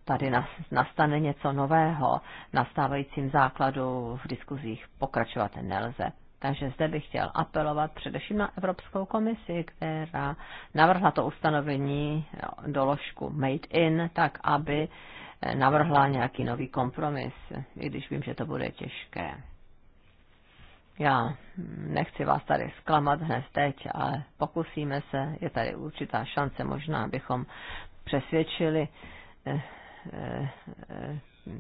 tady nastane něco nového. nastávajícím základu v diskuzích pokračovat nelze. Takže zde bych chtěl apelovat především na Evropskou komisi, která navrhla to ustanovení doložku Made in, tak aby eh, navrhla nějaký nový kompromis, i když vím, že to bude těžké. Já nechci vás tady zklamat hned teď, ale pokusíme se. Je tady určitá šance možná, abychom přesvědčili eh, eh,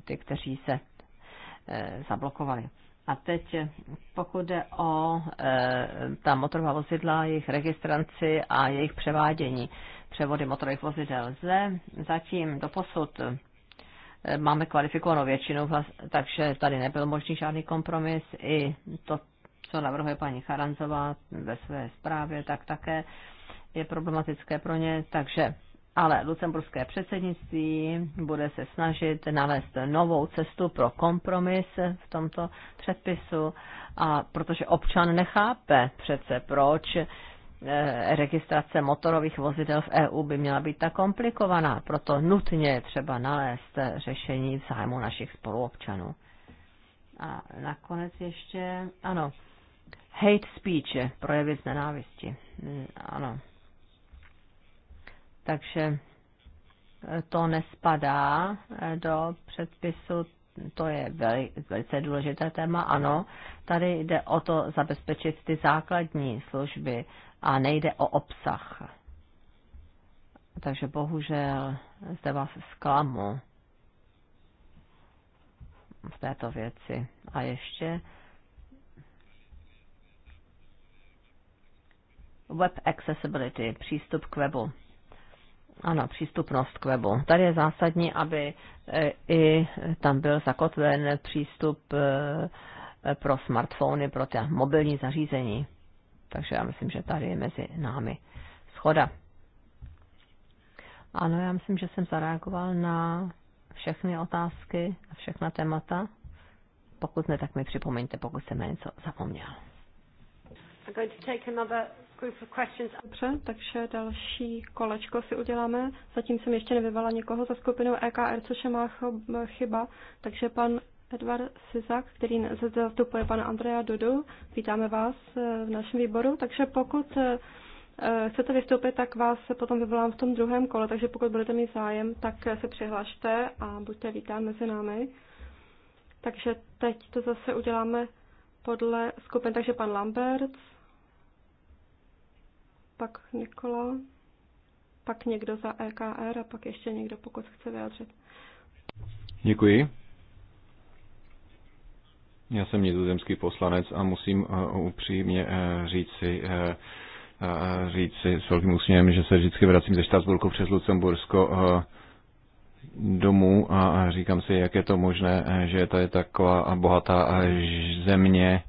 ty, kteří se eh, zablokovali. A teď, pokud jde o ta motorová vozidla, jejich registranci a jejich převádění, převody motorových vozidel, zde zatím do posud máme kvalifikovanou většinu, takže tady nebyl možný žádný kompromis. I to, co navrhuje paní Charanzová ve své zprávě, tak také je problematické pro ně. Takže ale lucemburské předsednictví bude se snažit nalézt novou cestu pro kompromis v tomto předpisu, a protože občan nechápe přece, proč eh, registrace motorových vozidel v EU by měla být tak komplikovaná. Proto nutně je třeba nalézt řešení v zájmu našich spoluobčanů. A nakonec ještě, ano, hate speech, projevy z nenávisti. Hmm, ano. Takže eh, to nespadá eh, do předpisu, to je velice důležité téma, ano. Tady jde o to zabezpečit ty základní služby a nejde o obsah. Takže bohužel zde vás zklamu v této věci. A ještě web accessibility, přístup k webu. Ano, přístupnost k webu. Tady je zásadní, aby e, i tam byl zakotven přístup e, e, pro smartfony, pro ty mobilní zařízení. Takže já myslím, že tady je mezi námi schoda. Ano, já myslím, že jsem zareagoval na všechny otázky, a všechna témata. Pokud ne, tak mi připomeňte, pokud jsem na něco zapomněl. I'm going to take another Dobře, takže další kolečko si uděláme. Zatím jsem ještě nevyvala někoho za skupinu EKR, což je má chyba. Takže pan Edvard Sizak, který zastupuje pana Andreja Dudu, vítáme vás eh, v našem výboru. Takže pokud eh, chcete vystoupit, tak vás potom vyvolám v tom druhém kole, takže pokud budete mít zájem, tak eh, se přihlašte a buďte vítán mezi námi. Takže teď to zase uděláme podle skupin, takže pan Lamberts, pak Nikola, pak někdo za EKR a pak ještě někdo, pokud chce vyjádřit. Děkuji. Já jsem nizozemský poslanec a musím eh, upřímně eh, říci, eh, říci s velkým úsměvem, že se vždycky vracím ze Štrasburku přes Lucembursko domů a říkám si, jak je to možné, že to je taková bohatá země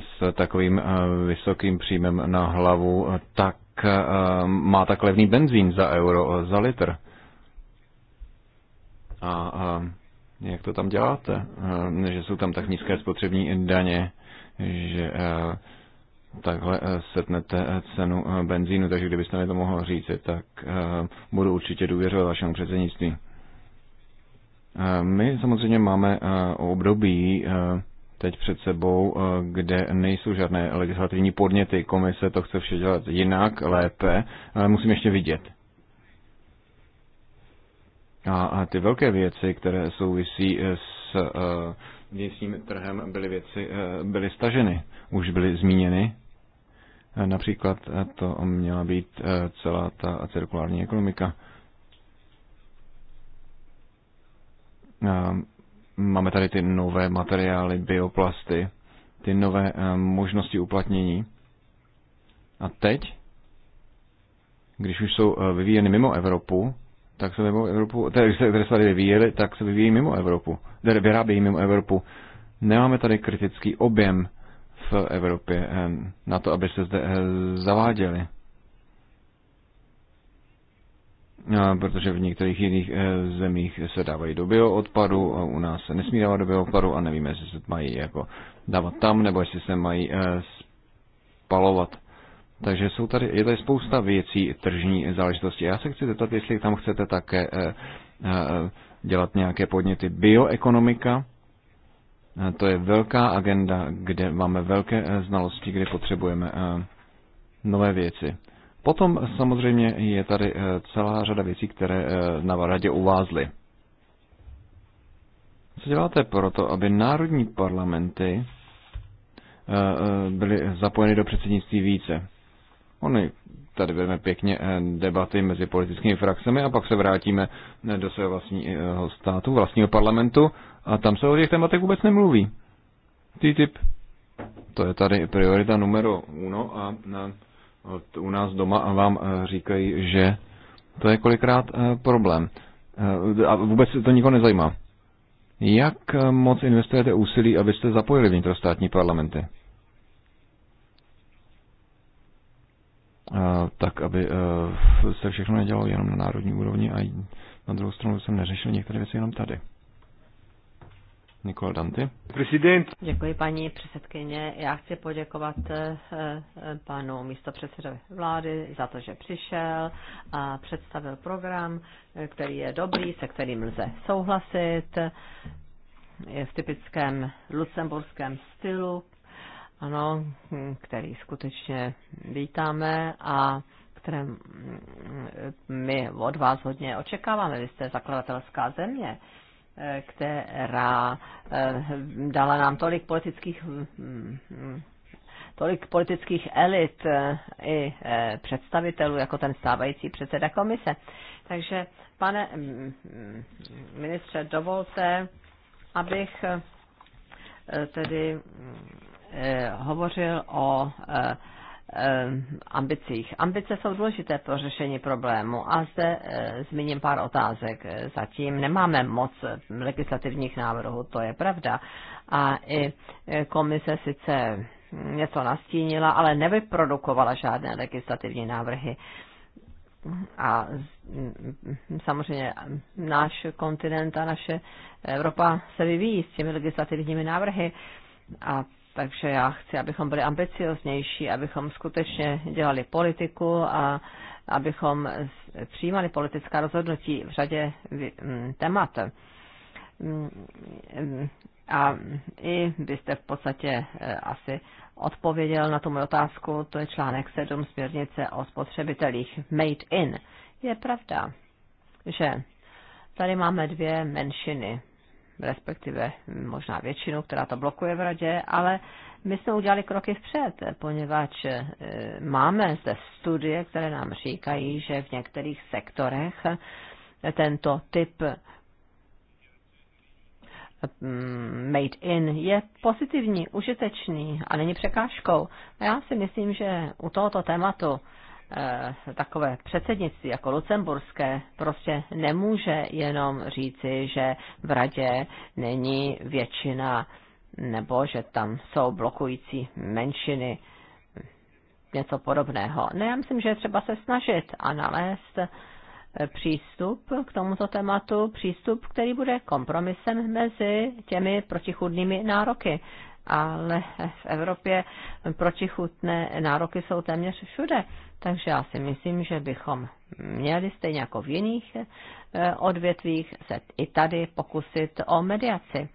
s takovým vysokým příjmem na hlavu, tak má tak levný benzín za euro, za litr. A, jak to tam děláte? Že jsou tam tak nízké spotřební daně, že takhle setnete cenu benzínu, takže kdybyste mi to mohl říct, tak budu určitě důvěřovat vašemu předsednictví. My samozřejmě máme období teď před sebou, eh, kde nejsou žádné legislativní podněty. Komise to chce vše dělat jinak, lépe, ale musím ještě vidět. A, ty velké věci, které souvisí eh, s eh, vnitřním trhem, byly věci, byly staženy, už byly zmíněny. Například to měla být celá ta cirkulární ekonomika. Máme tady ty nové materiály, bioplasty, ty nové eh, možnosti uplatnění. A teď, když už jsou eh, vyvíjeny mimo Evropu, tak se mimo Evropu, eh, tedy se, které se tady vyvíjely, tak se vyvíjí mimo Evropu, tedy vyrábějí mimo Evropu. Nemáme tady kritický objem v Evropě na to, aby se zde zaváděly. protože v některých jiných eh, zemích se dávají do bioodpadu, a u nás se nesmí dávat do bioodpadu a nevíme, jestli se mají jako dávat tam, nebo jestli se mají eh, spalovat. Takže jsou tady, je tady spousta věcí tržní záležitosti. Já se chci zeptat, jestli tam chcete také eh, dělat nějaké podněty. Bioekonomika, to je velká agenda, kde máme velké znalosti, kde potřebujeme nové věci. Potom samozřejmě je tady eh, celá řada věcí, které eh, na radě uvázly. Co děláte proto, aby národní parlamenty eh, byly zapojeny do předsednictví více? Ony tady vedeme pěkně debaty mezi politickými frakcemi a pak se vrátíme do svého vlastního státu, vlastního parlamentu a tam se o těch tématech vůbec nemluví. TTIP, to je tady priorita numero uno a na u nás doma a vám eh, říkají, že to je kolikrát eh, problém. Eh, a vůbec to nikoho nezajímá. Jak moc investujete úsilí, abyste zapojili vnitrostátní parlamenty? tak, aby se všechno nedělalo jenom na národní úrovni a na druhou stranu jsem neřešil některé věci jenom tady. Nikola Danty. Prezident. Děkuji paní předsedkyně. Já chci poděkovat eh, eh, panu místopředsedovi vlády za to, že přišel a představil program, který je dobrý, se kterým lze souhlasit. Je v typickém lucemburském stylu, ano, který skutečně vítáme a které mm, mm, my od vás hodně očekáváme. Vy jste zakladatelská země která eh, dala nám tolik politických hm, hm, tolik politických elit eh, i eh, představitelů, jako ten stávající předseda komise. Takže, pane hm, ministře, dovolte, abych tedy hovořil o Eh, ambicích. Ambice jsou důležité pro řešení problému a zde eh, zmíním pár otázek. Zatím nemáme moc legislativních návrhů, to je pravda. A i eh, komise sice něco nastínila, ale nevyprodukovala žádné legislativní návrhy. A mm, samozřejmě náš kontinent a naše Evropa se vyvíjí s těmi legislativními návrhy. A takže já chci, abychom byli ambicioznější, abychom skutečně dělali politiku a abychom přijímali politická rozhodnutí v řadě mm, témat. Mm, mm, a i byste v podstatě eh, asi odpověděl na tu moji otázku, to je článek 7 směrnice o spotřebitelích Made in. Je pravda, že tady máme dvě menšiny, respektive možná většinu, která to blokuje v radě, ale my jsme udělali kroky vpřed, poněvadž eh, máme zde studie, které nám říkají, že v některých sektorech tento typ mm, made in je pozitivní, užitečný a není překážkou. A já si myslím, že u tohoto tématu Eh, takové předsednictví jako lucemburské prostě nemůže jenom říci, že v radě není většina nebo že tam jsou blokující menšiny, něco podobného. Ne, no, já myslím, že je třeba se snažit a nalézt eh, přístup k tomuto tématu, přístup, který bude kompromisem mezi těmi protichudnými nároky. Ale v Evropě protichutné nároky jsou téměř všude. Takže já si myslím, že bychom měli stejně jako v jiných eh, odvětvích se i tady pokusit o mediaci.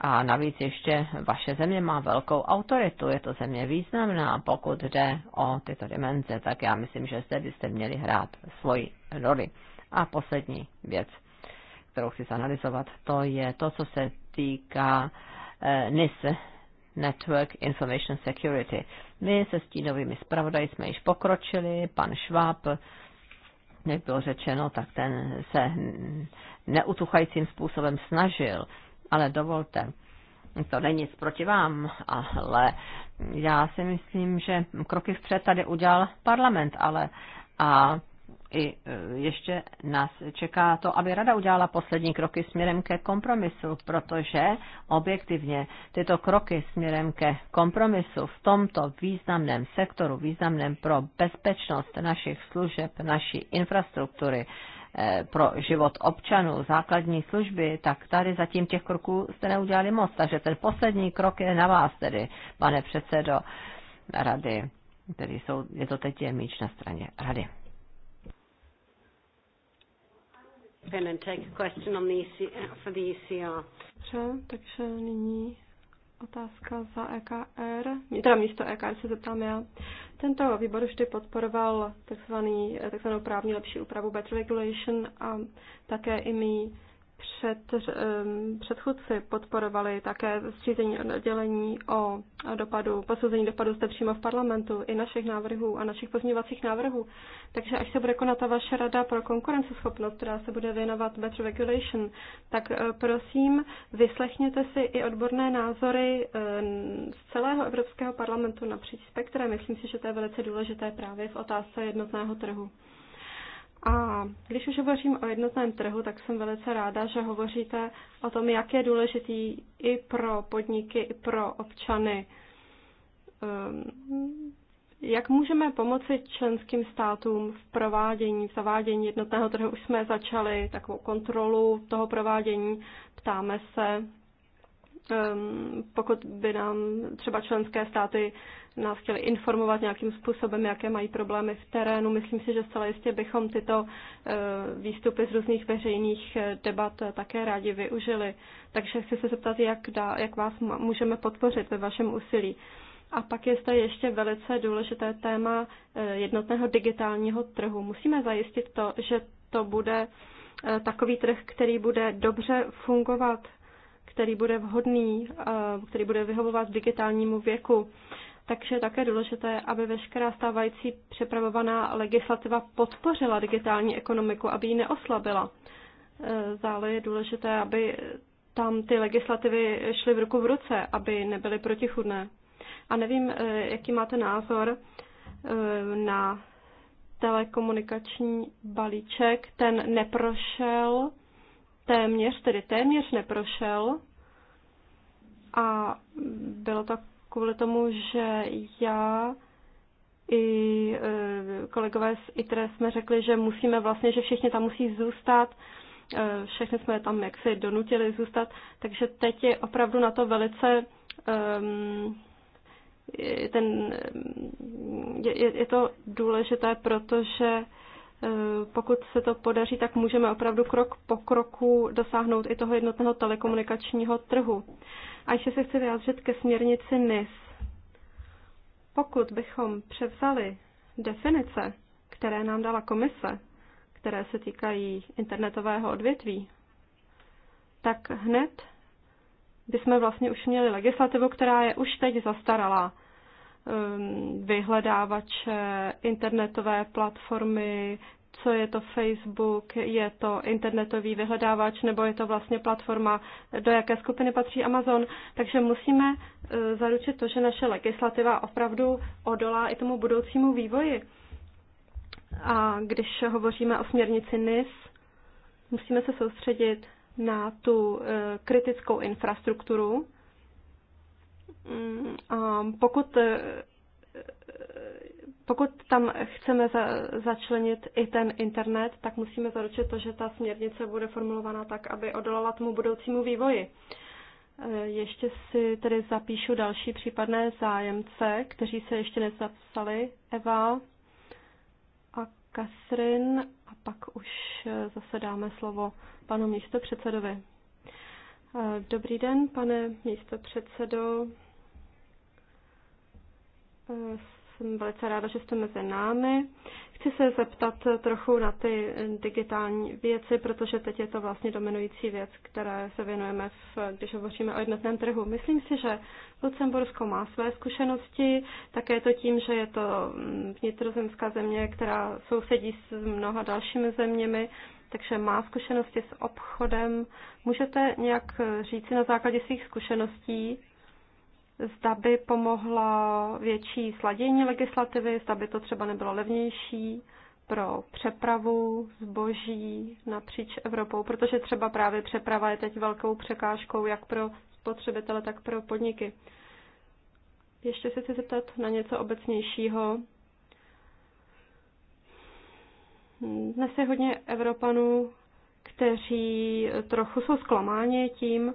A navíc ještě vaše země má velkou autoritu, je to země významná, pokud jde o tyto dimenze, tak já myslím, že zde byste měli hrát svoji roli. A poslední věc, kterou chci zanalizovat, to je to, co se týká eh, NIS, Network Information Security. My se stínovými zpravodaji jsme již pokročili, pan Šváb, jak bylo řečeno, tak ten se neutuchajícím způsobem snažil, ale dovolte, to není nic proti vám, ale já si myslím, že kroky vpřed tady udělal parlament, ale a i e, ještě nás čeká to, aby Rada udělala poslední kroky směrem ke kompromisu, protože objektivně tyto kroky směrem ke kompromisu v tomto významném sektoru, významném pro bezpečnost našich služeb, naší infrastruktury, e, pro život občanů, základní služby, tak tady zatím těch kroků jste neudělali moc. Takže ten poslední krok je na vás tedy, pane předsedo rady, tedy jsou, je to teď je míč na straně rady. And take a question on the EC, uh, for the ECR. Dobře, takže nyní otázka za EKR. Teda místo EKR se zeptám já. Tento výbor vždy podporoval takzvaný, eh, takzvanou právní lepší úpravu better regulation a také i my před, ehm, předchůdci podporovali také zřízení oddělení o dopadu, posouzení dopadu zde přímo v parlamentu i našich návrhů a našich pozměňovacích návrhů. Takže až se bude konat ta vaše rada pro konkurenceschopnost, která se bude věnovat Better Regulation, tak eh, prosím, vyslechněte si i odborné názory ehm, z celého Evropského parlamentu napříč spektrem. Myslím si, že to je velice důležité právě v otázce jednotného trhu. A když už hovořím o jednotném trhu, tak jsem velice ráda, že hovoříte o tom, jak je důležitý i pro podniky, i pro občany. Ehm, jak můžeme pomoci členským státům v provádění, v zavádění jednotného trhu? Už jsme začali takovou kontrolu toho provádění. Ptáme se, ehm, pokud by nám třeba členské státy nás chtěli informovat nějakým způsobem, jaké mají problémy v terénu. Myslím si, že zcela jistě bychom tyto eh, výstupy z různých veřejných eh, debat eh, také rádi využili. Takže chci se zeptat, jak, dá, jak vás můžeme podpořit ve vašem úsilí. A pak je zde ještě velice důležité téma jednotného digitálního trhu. Musíme zajistit to, že to bude takový trh, který bude dobře fungovat, který bude vhodný, který bude vyhovovat digitálnímu věku takže také důležité, aby veškerá stávající přepravovaná legislativa podpořila digitální ekonomiku, aby ji neoslabila. E, Zále je důležité, aby tam ty legislativy šly v ruku v ruce, aby nebyly protichudné. A nevím, e, jaký máte názor e, na telekomunikační balíček. Ten neprošel téměř, tedy téměř neprošel a bylo to kvůli tomu, že já i eh, kolegové z ITRE jsme řekli, že musíme vlastně, že všichni tam musí zůstat, eh, všechny jsme tam jaksi donutili zůstat, takže teď je opravdu na to velice um, ten, je, je to důležité, protože eh, pokud se to podaří, tak můžeme opravdu krok po kroku dosáhnout i toho jednotného telekomunikačního trhu. A ještě se chci vyjádřit ke směrnici NIS. Pokud bychom převzali definice, které nám dala komise, které se týkají internetového odvětví, tak hned bychom vlastně už měli legislativu, která je už teď zastaralá. Ehm, vyhledávače, internetové platformy, co je to Facebook, je to internetový vyhledávač nebo je to vlastně platforma, do jaké skupiny patří Amazon. Takže musíme e, zaručit to, že naše legislativa opravdu odolá i tomu budoucímu vývoji. A když hovoříme o směrnici NIS, musíme se soustředit na tu e, kritickou infrastrukturu. Mm, a pokud e, pokud tam chceme za, začlenit i ten internet, tak musíme zaručit to, že ta směrnice bude formulovaná tak, aby odolala tomu budoucímu vývoji. Eh, ještě si tedy zapíšu další případné zájemce, kteří se ještě nezapsali. Eva a Kasrin a pak už eh, zase dáme slovo panu místopředsedovi. Eh, dobrý den, pane místopředsedo. Jsem velice ráda, že jste mezi námi. Chci se zeptat trochu na ty digitální věci, protože teď je to vlastně dominující věc, které se věnujeme, v, když hovoříme o jednotném trhu. Myslím si, že Lucembursko má své zkušenosti, také to tím, že je to mm, vnitrozemská země, která sousedí s mnoha dalšími zeměmi, takže má zkušenosti s obchodem. Můžete nějak říci na základě svých zkušeností, zda by pomohla větší sladění legislativy, zda by to třeba nebylo levnější pro přepravu zboží napříč Evropou, protože třeba právě přeprava je teď velkou překážkou jak pro spotřebitele, tak pro podniky. Ještě se chci zeptat na něco obecnějšího. Dnes je hodně Evropanů, kteří trochu jsou zklamáni tím,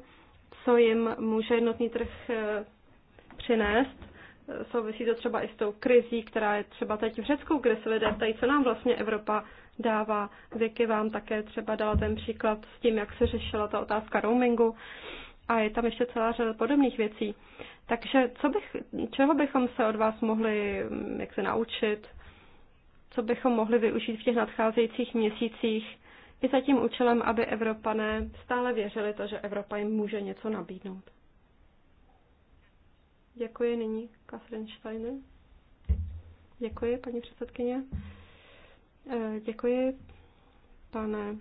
co jim může jednotný trh eh, přinést. Souvisí to třeba i s tou krizí, která je třeba teď v Řecku, kde se lidé ptají, co nám vlastně Evropa dává. Vicky vám také třeba dala ten příklad s tím, jak se řešila ta otázka roamingu a je tam ještě celá řada podobných věcí. Takže co bych, čeho bychom se od vás mohli mm, jak se naučit, co bychom mohli využít v těch nadcházejících měsících, i za tím účelem, aby Evropané stále věřili to, že Evropa jim může něco nabídnout. Děkuji nyní Katrin Steiner. Děkuji, paní předsedkyně. Eh, děkuji, pane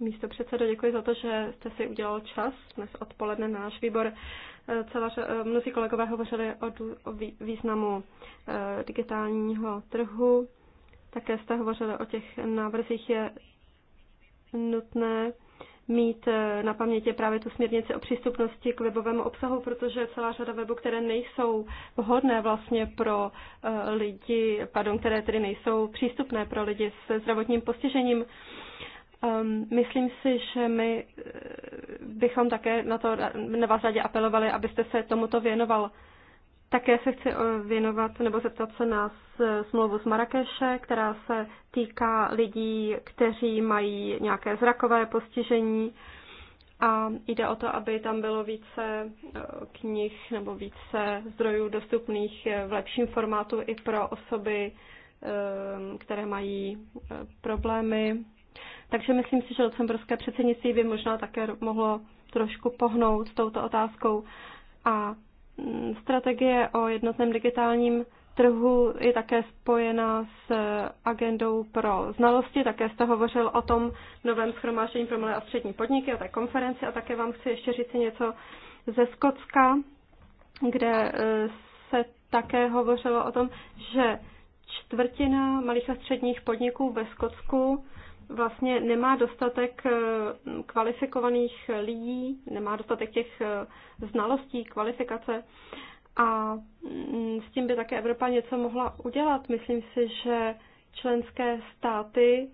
místo předsedo, děkuji za to, že jste si udělal čas dnes odpoledne na náš výbor. Eh, celá, eh, mnozí kolegové hovořili o, o významu digitálního trhu. Také jste hovořili o těch návrzích, je nutné mít eh, na paměti právě tu směrnici o přístupnosti k webovému obsahu, protože celá řada webů, které nejsou vhodné vlastně pro eh, lidi, pardon, které tedy nejsou přístupné pro lidi se zdravotním postižením, Um, myslím si, že my eh, bychom také na to na vás rádi apelovali, abyste se tomuto věnoval. Také se chci eh, věnovat nebo zeptat se na eh, smlouvu z Marrakeše, která se týká lidí, kteří mají nějaké zrakové postižení a jde o to, aby tam bylo více eh, knih nebo více zdrojů dostupných v lepším formátu i pro osoby, které mají problémy. Takže myslím si, že lucemburské předsednictví by možná také mohlo trošku pohnout touto otázkou a Mm, strategie o jednotném digitálním trhu je také spojena s agendou pro znalosti. Také jste hovořil o tom novém schromáždění pro malé a střední podniky, o té konferenci a také vám chci ještě říct něco ze Skotska, kde eh, se také hovořilo o tom, že čtvrtina malých a středních podniků ve Skotsku vlastně nemá dostatek eh, kvalifikovaných lidí, nemá dostatek těch eh, znalostí, kvalifikace. A mm, s tím by také Evropa něco mohla udělat. Myslím si, že členské státy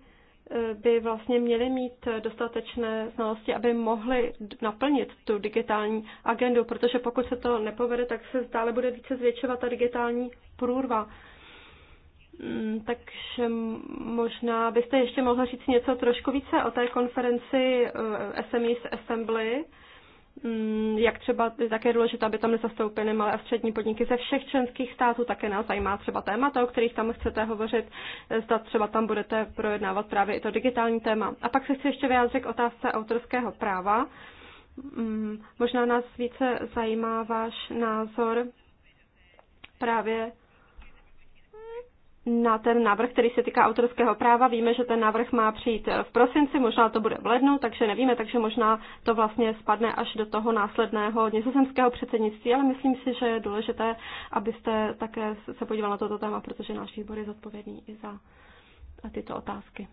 eh, by vlastně měly mít dostatečné znalosti, aby mohly naplnit tu digitální agendu, protože pokud se to nepovede, tak se stále bude více zvětšovat ta digitální průrva. Mm, takže možná byste ještě mohla říct něco trošku více o té konferenci SMEs eh, Assembly, mm, jak třeba také je důležité, aby tam nezastoupily malé a střední podniky ze všech členských států, také nás zajímá třeba témata, o kterých tam chcete hovořit, eh, zda třeba tam budete projednávat právě i to digitální téma. A pak se chci ještě vyjádřit k otázce autorského práva. Mm, možná nás více zajímá váš názor právě na ten návrh, který se týká autorského práva. Víme, že ten návrh má přijít v prosinci, možná to bude v lednu, takže nevíme, takže možná to vlastně spadne až do toho následného nizozemského předsednictví, ale myslím si, že je důležité, abyste také se podívali na toto téma, protože náš výbor je zodpovědný i za tyto otázky.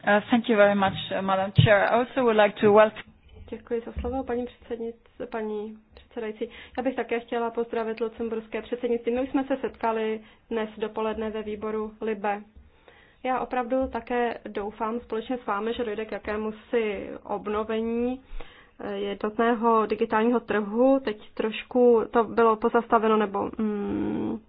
Uh, thank you very much, uh, Madam Chair. I also would like to welcome Děkuji za slovo, paní předsednice, paní předsedající. Já bych také chtěla pozdravit lucemburské předsednictví. My už jsme se setkali dnes dopoledne ve výboru Libe. Já opravdu také doufám společně s vámi, že dojde k jakémusi obnovení eh, jednotného digitálního trhu. Teď trošku to bylo pozastaveno nebo mm,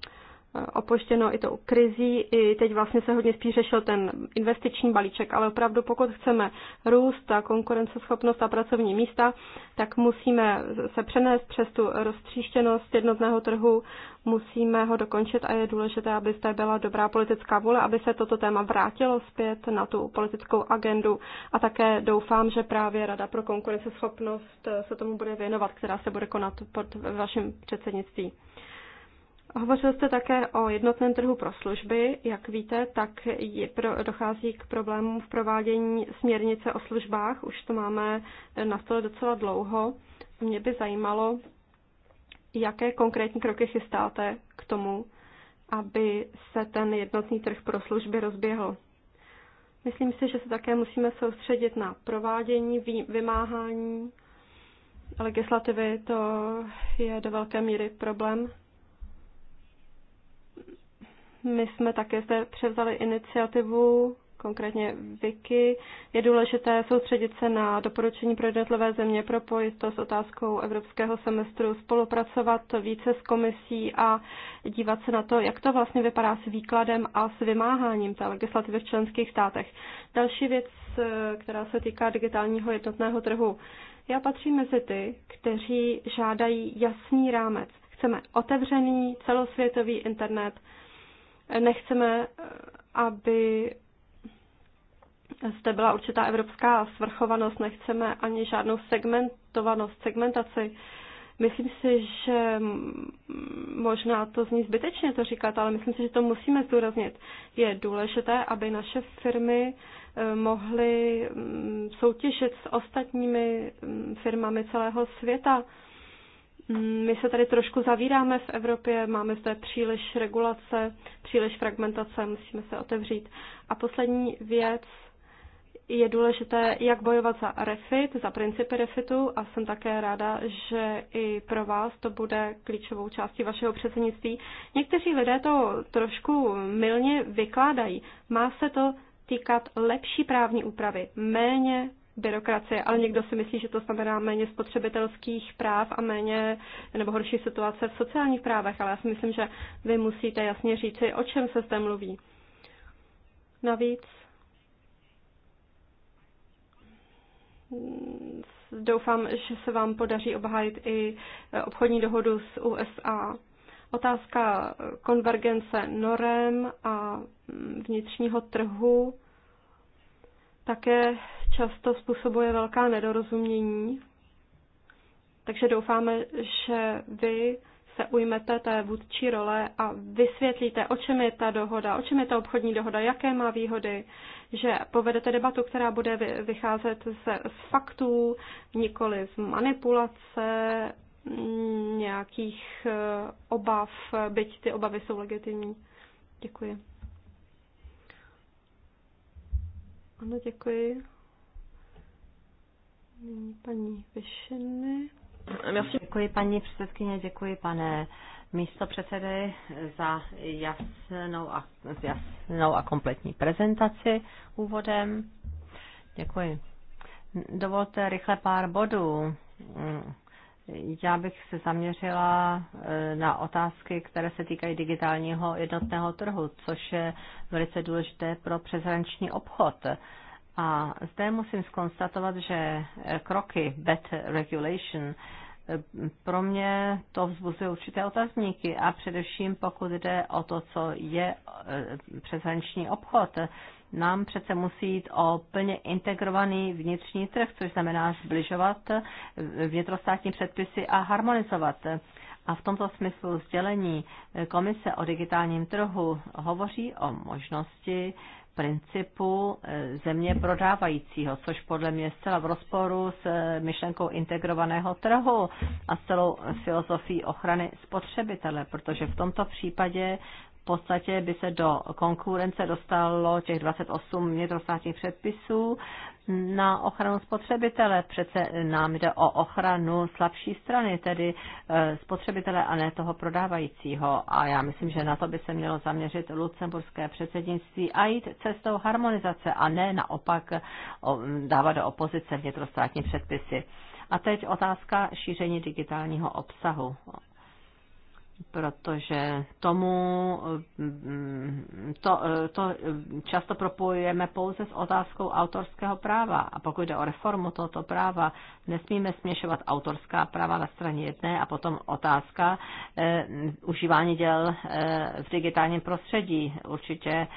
opoštěno i tou krizí, i teď vlastně se hodně spíš řešil ten investiční balíček, ale opravdu pokud chceme růst a konkurenceschopnost a pracovní místa, tak musíme se přenést přes tu roztříštěnost jednotného trhu, musíme ho dokončit a je důležité, aby zde byla dobrá politická vůle, aby se toto téma vrátilo zpět na tu politickou agendu a také doufám, že právě Rada pro konkurenceschopnost se tomu bude věnovat, která se bude konat pod vaším předsednictví. Hovořil jste také o jednotném trhu pro služby. Jak víte, tak je, pro, dochází k problémům v provádění směrnice o službách. Už to máme na stole docela dlouho. Mě by zajímalo, jaké konkrétní kroky chystáte k tomu, aby se ten jednotný trh pro služby rozběhl. Myslím si, že se také musíme soustředit na provádění, vymáhání legislativy. To je do velké míry problém my jsme také zde převzali iniciativu, konkrétně Wiki. Je důležité soustředit se na doporučení pro jednotlivé země, propojit to s otázkou evropského semestru, spolupracovat více s komisí a dívat se na to, jak to vlastně vypadá s výkladem a s vymáháním té legislativy v členských státech. Další věc, která se týká digitálního jednotného trhu. Já patřím mezi ty, kteří žádají jasný rámec. Chceme otevřený celosvětový internet, Nechceme, aby zde byla určitá evropská svrchovanost, nechceme ani žádnou segmentovanost, segmentaci. Myslím si, že možná to zní zbytečně to říkat, ale myslím si, že to musíme zdůraznit. Je důležité, aby naše firmy eh, mohly mm, soutěžit s ostatními mm, firmami celého světa. Mm, my se tady trošku zavíráme v Evropě, máme zde příliš regulace, příliš fragmentace, musíme se otevřít. A poslední věc je důležité, jak bojovat za refit, za principy refitu a jsem také ráda, že i pro vás to bude klíčovou částí vašeho předsednictví. Někteří lidé to trošku milně vykládají. Má se to týkat lepší právní úpravy, méně byrokracie, ale někdo si myslí, že to znamená méně spotřebitelských práv a méně nebo horší situace v sociálních právech, ale já si myslím, že vy musíte jasně říci, o čem se zde mluví. Navíc mm, doufám, že se vám podaří obhájit i obchodní dohodu s USA. Otázka konvergence norem a vnitřního trhu také často způsobuje velká nedorozumění. Takže doufáme, že vy se ujmete té vůdčí role a vysvětlíte, o čem je ta dohoda, o čem je ta obchodní dohoda, jaké má výhody, že povedete debatu, která bude vycházet z, z faktů, nikoli z manipulace, nějakých eh, obav, byť ty obavy jsou legitimní. Děkuji. Ano, děkuji. Nyní paní Vyšeny. Děkuji paní předsedkyně, děkuji pane místo předsedy za jasnou a, jasnou a kompletní prezentaci úvodem. Děkuji. Dovolte rychle pár bodů já bych se zaměřila e, na otázky, které se týkají digitálního jednotného trhu, což je velice důležité pro přeshraniční obchod. A zde musím skonstatovat, že kroky Better Regulation pro mě to vzbuzuje určité otazníky a především pokud jde o to, co je e, přeshraniční obchod. Nám přece musí jít o plně integrovaný vnitřní trh, což znamená zbližovat e, vnitrostátní předpisy a harmonizovat. A v tomto smyslu sdělení e, Komise o digitálním trhu hovoří o možnosti principu eh, země prodávajícího, což podle mě je zcela v rozporu s eh, myšlenkou integrovaného trhu a s celou filozofií ochrany spotřebitele, protože v tomto případě v podstatě by se do konkurence dostalo těch 28 vnitrostátních předpisů na ochranu spotřebitele. Přece nám jde o ochranu slabší strany, tedy eh, spotřebitele a ne toho prodávajícího. A já myslím, že na to by se mělo zaměřit lucemburské předsednictví a jít cestou harmonizace a ne naopak eh, dávat do opozice vnitrostátní předpisy. A teď otázka šíření digitálního obsahu protože tomu mm, to, to často propojujeme pouze s otázkou autorského práva. A pokud jde o reformu tohoto práva, nesmíme směšovat autorská práva na straně jedné a potom otázka e, užívání děl e, v digitálním prostředí. Určitě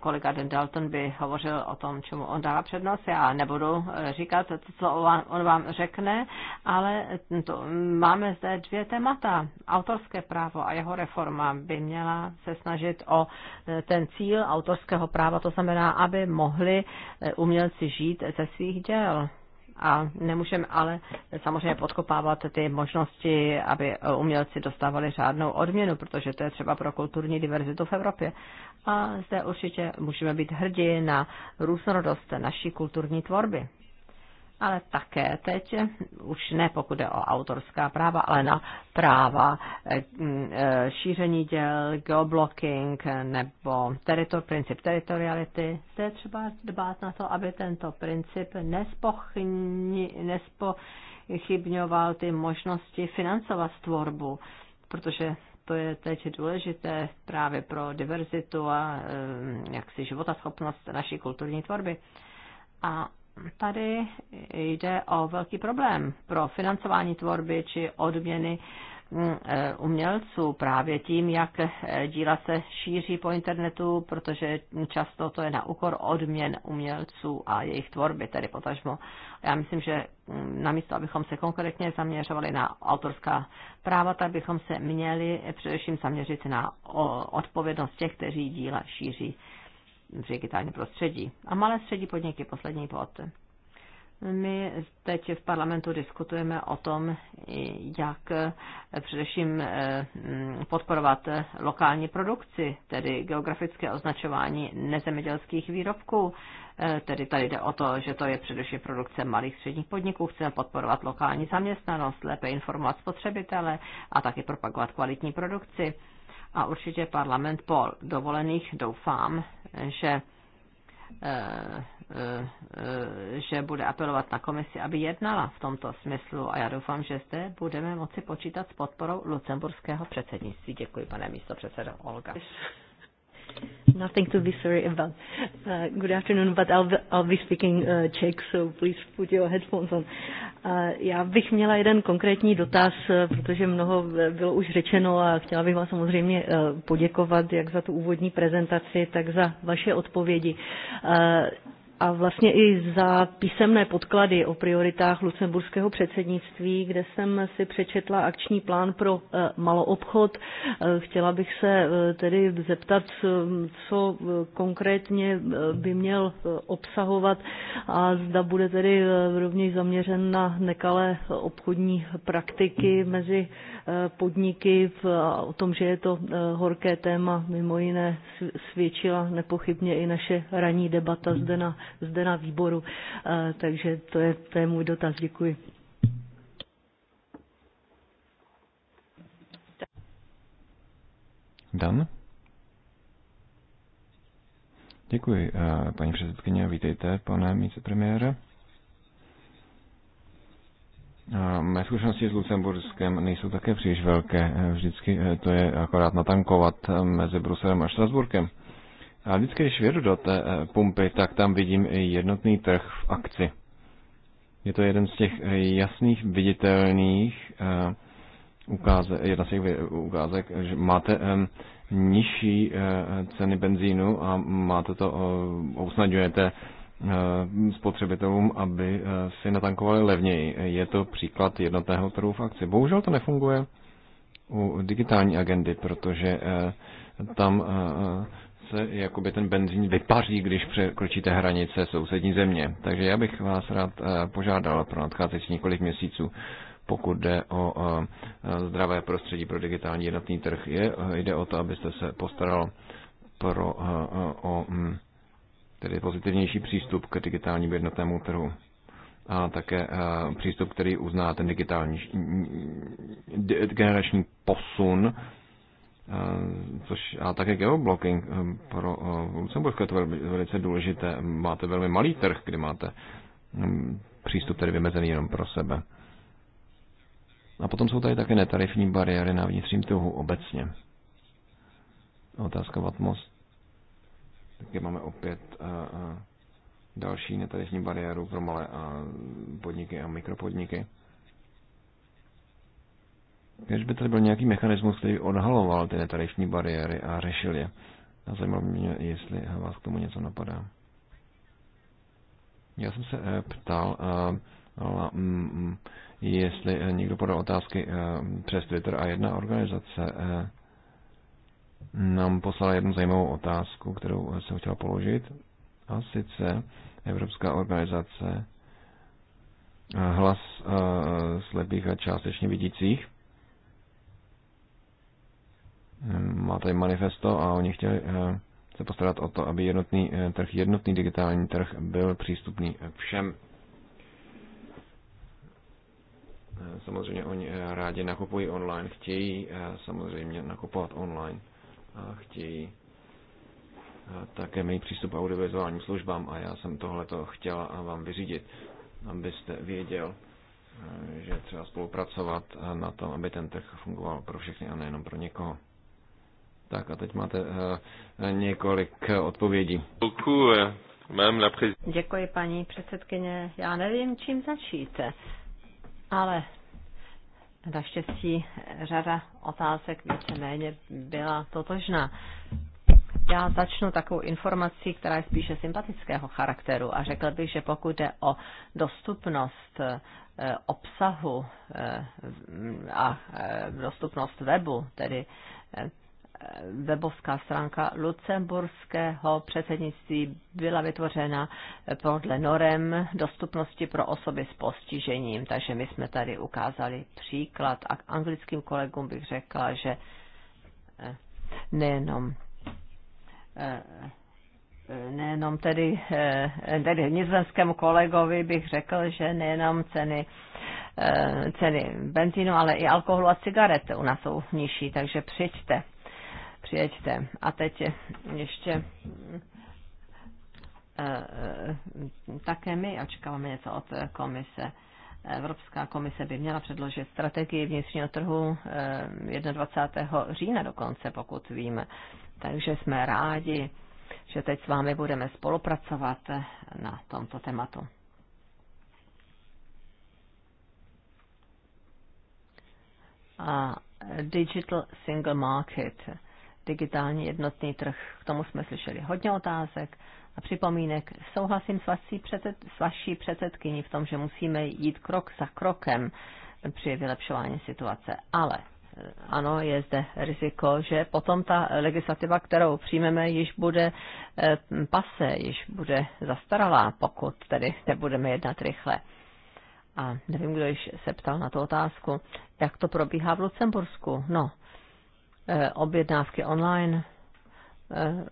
kolega Dalton by hovořil o tom, čemu on dává přednost. Já nebudu eh, říkat, co on vám řekne, ale to, máme zde dvě témata. Autorské právo a jeho reforma by měla se snažit o eh, ten cíl autorského práva, to znamená, aby mohli eh, umělci žít ze svých děl a nemůžeme ale samozřejmě podkopávat ty možnosti, aby umělci dostávali řádnou odměnu, protože to je třeba pro kulturní diverzitu v Evropě. A zde určitě můžeme být hrdí na různorodost naší kulturní tvorby ale také teď, už ne pokud je o autorská práva, ale na práva eh, mm, eh, šíření děl, geoblocking nebo teritor, princip teritoriality. To je třeba dbát na to, aby tento princip nespochni, nespochybňoval ty možnosti financovat tvorbu, protože to je teď důležité právě pro diverzitu a eh, jaksi životaschopnost naší kulturní tvorby. A tady jde o velký problém pro financování tvorby či odměny mm, eh, umělců právě tím, jak eh, díla se šíří po internetu, protože často to je na úkor odměn umělců a jejich tvorby, tedy potažmo. Já myslím, že mm, namísto, abychom se konkrétně zaměřovali na autorská práva, tak bychom se měli především zaměřit na odpovědnost těch, kteří díla šíří digitální prostředí. A malé střední podniky, poslední bod. My teď v parlamentu diskutujeme o tom, jak především eh, podporovat lokální produkci, tedy geografické označování nezemědělských výrobků. Eh, tedy tady jde o to, že to je především produkce malých středních podniků. Chceme podporovat lokální zaměstnanost, lépe informovat spotřebitele a taky propagovat kvalitní produkci a určitě parlament po dovolených doufám, že eh, eh, že bude apelovat na komisi, aby jednala v tomto smyslu a já doufám, že zde budeme moci počítat s podporou lucemburského předsednictví. Děkuji, pane místo předsedo Olga. Nothing to be sorry about. Uh, good afternoon, but I'll, I'll be speaking uh, Czech, so please put your headphones on. Uh, já bych měla jeden konkrétní dotaz, uh, protože mnoho uh, bylo už řečeno a chtěla bych vám samozřejmě uh, poděkovat jak za tu úvodní prezentaci, tak za vaše odpovědi. Uh, a vlastně i za písemné podklady o prioritách lucemburského předsednictví, kde jsem si přečetla akční plán pro eh, maloobchod. Eh, chtěla bych se eh, tedy zeptat, co konkrétně by měl obsahovat a zda bude tedy rovněž zaměřen na nekalé obchodní praktiky mezi Eh, podniky v, o tom, že je to eh, horké téma, mimo jiné svědčila nepochybně i naše ranní debata zde na, zde na výboru. Eh, takže to je, to je můj dotaz. Děkuji. Dan? Děkuji, paní předsedkyně, vítejte, pane vicepremiére. Mé zkušenosti s Lucemburskem nejsou také příliš velké. Eh, vždycky eh, to je akorát natankovat eh, mezi Bruselem a Štrasburkem. A vždycky, když vědu do té pumpy, tak tam vidím jednotný trh v akci. Je to jeden z těch jasných, viditelných ukázek, jedna z těch ukázek, že máte nižší ceny benzínu a máte to, usnadňujete Eh, spotřebitelům, aby eh, si natankovali levněji. Je to příklad jednotného trhu v akci. Bohužel to nefunguje u digitální agendy, protože eh, tam se jakoby ten benzín vypaří, když překročíte hranice sousední země. Takže já bych vás rád požádal pro nadcházející několik měsíců, pokud jde o zdravé prostředí pro digitální jednotný trh. Je, jde o to, abyste se postaral pro, o, o mm, tedy pozitivnější přístup k digitálnímu jednotnému trhu a také eh, přístup, který uzná ten digitální generační posun, eh, což a také geoblocking eh, pro Lucembursko je to velice důležité. Máte velmi malý trh, kdy máte hm, přístup tedy vymezený jenom pro sebe. A potom jsou tady také netarifní bariéry na vnitřním trhu obecně. Otázka atmosféře. Taky máme opět další netarifní bariéru pro malé podniky a mikropodniky. Když by tady byl nějaký mechanismus, který odhaloval ty netarifní bariéry a řešil je. A zajímalo mě, jestli vás k tomu něco napadá. Já jsem se e, ptal, e, mm, mm, jestli e, někdo podal otázky přes Twitter a jedna organizace nám poslala jednu zajímavou otázku, kterou jsem chtěla položit. A sice Evropská organizace eh, hlas eh, slepých a částečně vidících. Hmm, má tady manifesto a oni chtěli eh, se postarat o to, aby jednotný trh, jednotný digitální trh byl přístupný všem. Samozřejmě oni rádi nakupují online, chtějí samozřejmě nakupovat online a chtějí také mít přístup k audiovizuálním službám a já jsem tohleto chtěl vám vyřídit, abyste věděl, eh, že třeba spolupracovat na tom, aby ten trh fungoval pro všechny a nejenom pro někoho. Tak a teď máte eh, několik odpovědí. Děkuji, paní předsedkyně. Já nevím, čím začít, ale naštěstí řada otázek víceméně byla totožná. Já začnu takovou informací, která je spíše sympatického charakteru a řekl bych, že pokud jde o dostupnost eh, obsahu eh, a eh, dostupnost webu, tedy webovská stránka lucemburského předsednictví byla vytvořena podle norem dostupnosti pro osoby s postižením. Takže my jsme tady ukázali příklad a anglickým kolegům bych řekla, že eh, nejenom eh, nejenom tedy, eh, tedy nizozemskému kolegovi bych řekl, že nejenom ceny, ceny benzínu, ale i alkoholu a cigaret u nás jsou nižší, takže přijďte přijeďte. A teď ještě eh, eh, také my očekáváme něco od komise. Evropská komise by měla předložit strategii vnitřního trhu 21. Eh, října dokonce, pokud víme. Takže jsme rádi, že teď s vámi budeme spolupracovat na tomto tématu. A Digital Single Market digitální jednotný trh. K tomu jsme slyšeli hodně otázek a připomínek. Souhlasím s vaší, s vaší předsedkyní v tom, že musíme jít krok za krokem při vylepšování situace. Ale eh, ano, je zde riziko, že potom ta legislativa, kterou přijmeme, již bude eh, pase, již bude zastaralá, pokud tedy nebudeme jednat rychle. A nevím, kdo již se ptal na tu otázku, jak to probíhá v Lucembursku. No, Eh, objednávky online. Eh,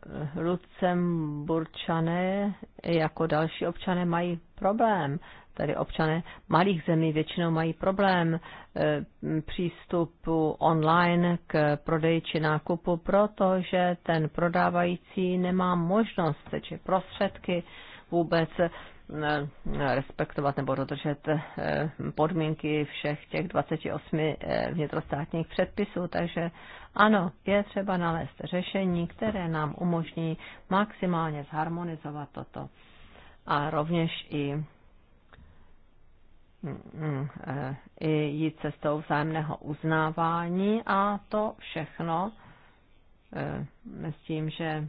Lucemburčané jako další občané mají problém. Tady občané malých zemí většinou mají problém eh, přístupu online k prodeji či nákupu, protože ten prodávající nemá možnost či prostředky vůbec Eh, respektovat nebo dodržet eh, podmínky všech těch 28 eh, vnitrostátních předpisů. Takže ano, je třeba nalézt řešení, které nám umožní maximálně zharmonizovat toto. A rovněž i mm, i jít cestou vzájemného uznávání a to všechno s tím, že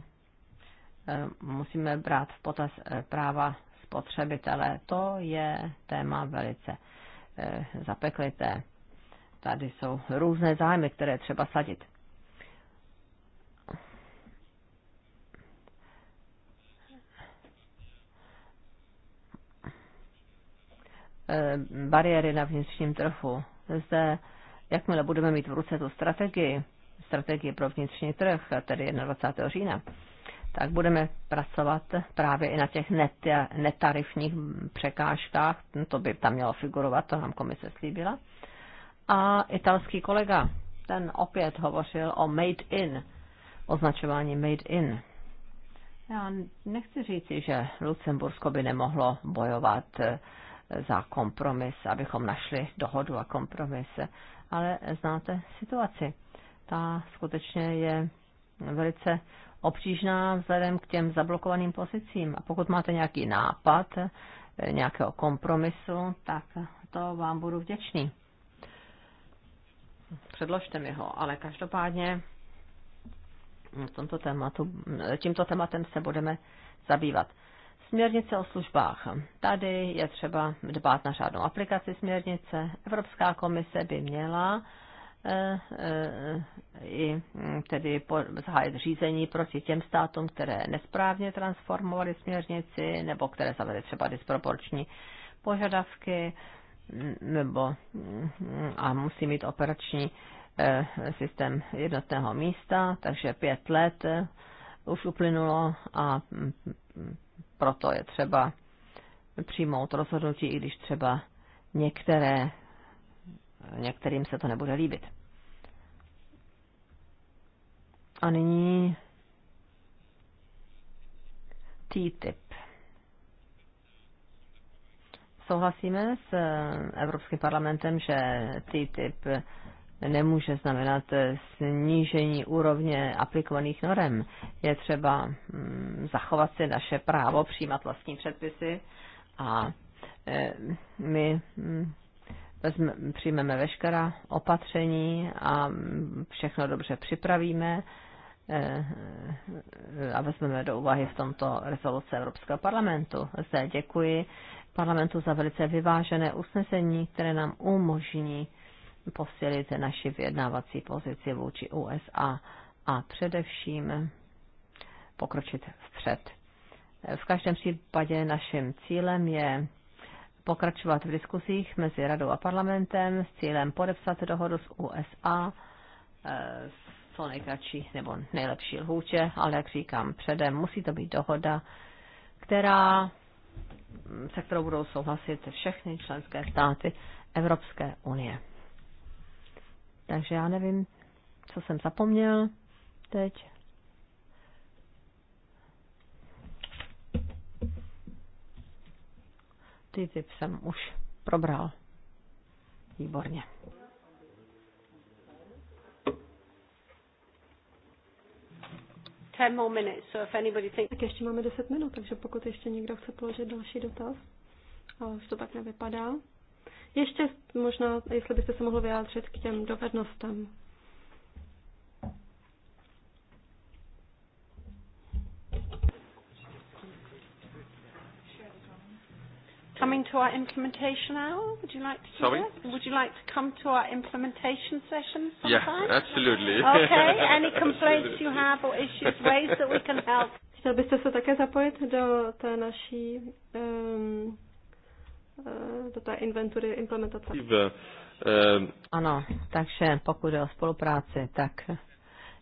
musíme brát v potaz práva spotřebitelé. To je téma velice eh, zapeklité. Tady jsou různé zájmy, které třeba sadit. Eh, bariéry na vnitřním trhu. Zde, jakmile budeme mít v ruce tu strategii, strategii pro vnitřní trh, tedy 21. října, tak budeme pracovat právě i na těch net, netarifních překážkách. To by tam mělo figurovat, to nám komise slíbila. A italský kolega, ten opět hovořil o made in, označování made in. Já nechci říci, že Lucembursko by nemohlo bojovat eh, za kompromis, abychom našli dohodu a kompromis, ale znáte situaci. Ta skutečně je velice obtížná vzhledem k těm zablokovaným pozicím. A pokud máte nějaký nápad eh, nějakého kompromisu, tak to vám budu vděčný. Předložte mi ho, ale každopádně mm, v tomto tématu, eh, tímto tématem se budeme zabývat. Směrnice o službách. Tady je třeba dbát na řádnou aplikaci směrnice. Evropská komise by měla Eh, eh, i hm, tedy zahájit řízení proti těm státům, které nesprávně transformovaly směrnici nebo které zavedly třeba disproporční požadavky hm, nebo hm, a musí mít operační eh, systém jednotného místa, takže pět let už uplynulo a proto je třeba přijmout rozhodnutí, i když třeba některé některým se to nebude líbit. A nyní TTIP. Souhlasíme s eh, Evropským parlamentem, že TTIP nemůže znamenat eh, snížení úrovně aplikovaných norem. Je třeba mm, zachovat si naše právo přijímat vlastní předpisy a eh, my mm, vezme, přijmeme veškerá opatření a všechno dobře připravíme eh, eh, a vezmeme do úvahy v tomto rezoluce Evropského parlamentu. Zde děkuji parlamentu za velice vyvážené usnesení, které nám umožní posílit naši vyjednávací pozici vůči USA a především pokročit vpřed. V každém případě naším cílem je pokračovat v diskusích mezi radou a parlamentem s cílem podepsat dohodu s USA eh, v co nejkratší nebo nejlepší lhůče, ale jak říkám předem, musí to být dohoda, která, mm, se kterou budou souhlasit všechny členské státy Evropské unie. Takže já nevím, co jsem zapomněl teď. typ jsem už probral. Výborně. Tak ještě máme 10 minut, takže pokud ještě někdo chce položit další dotaz, ale už to tak nevypadá. Ještě možná, jestli byste se mohl vyjádřit k těm dovednostem, to our implementation hour? Would you like to do Sorry? that? Would you like to come to our implementation session sometime? Yeah, absolutely. Okay, [LAUGHS] any complaints absolutely. you have or issues, ways that we can help? [LAUGHS] Chtěl byste se také zapojit do té naší um, do té inventury implementace? Ehm, ano, takže pokud je o spolupráci, tak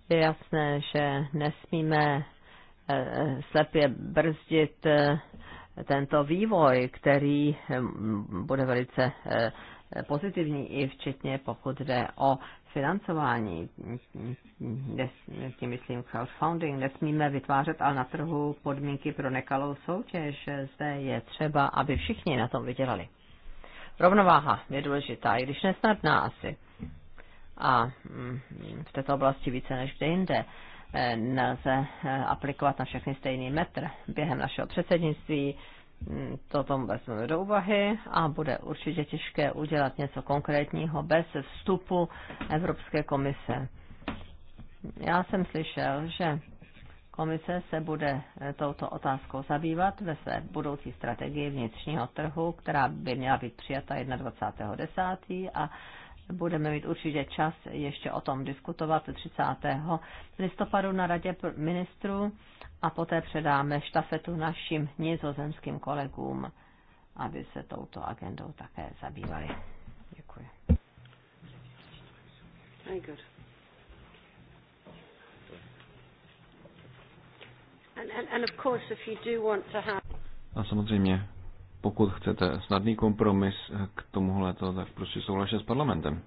je jasné, že nesmíme eh, eh, slepě brzdit tento vývoj, který bude velice eh, pozitivní i včetně pokud jde o financování, tím myslím crowdfunding, nesmíme vytvářet ale na trhu podmínky pro nekalou soutěž. Zde je třeba, aby všichni na tom vydělali. Rovnováha je důležitá, i když nesnadná asi. A mm, v této oblasti více než kde jinde. Eh, nelze eh, aplikovat na všechny stejný metr. Během našeho předsednictví mm, toto vezmeme do úvahy a bude určitě těžké udělat něco konkrétního bez vstupu Evropské komise. Já jsem slyšel, že komise se bude eh, touto otázkou zabývat ve své budoucí strategii vnitřního trhu, která by měla být přijata 21.10. a budeme mít určitě čas ještě o tom diskutovat 30. listopadu na Radě ministrů a poté předáme štafetu našim nizozemským kolegům, aby se touto agendou také zabývali. Děkuji. Very good. And, and, and of course, if you do want to have... A samozřejmě, pokud chcete snadný kompromis k tomuhle, tak prostě souhlasit s parlamentem.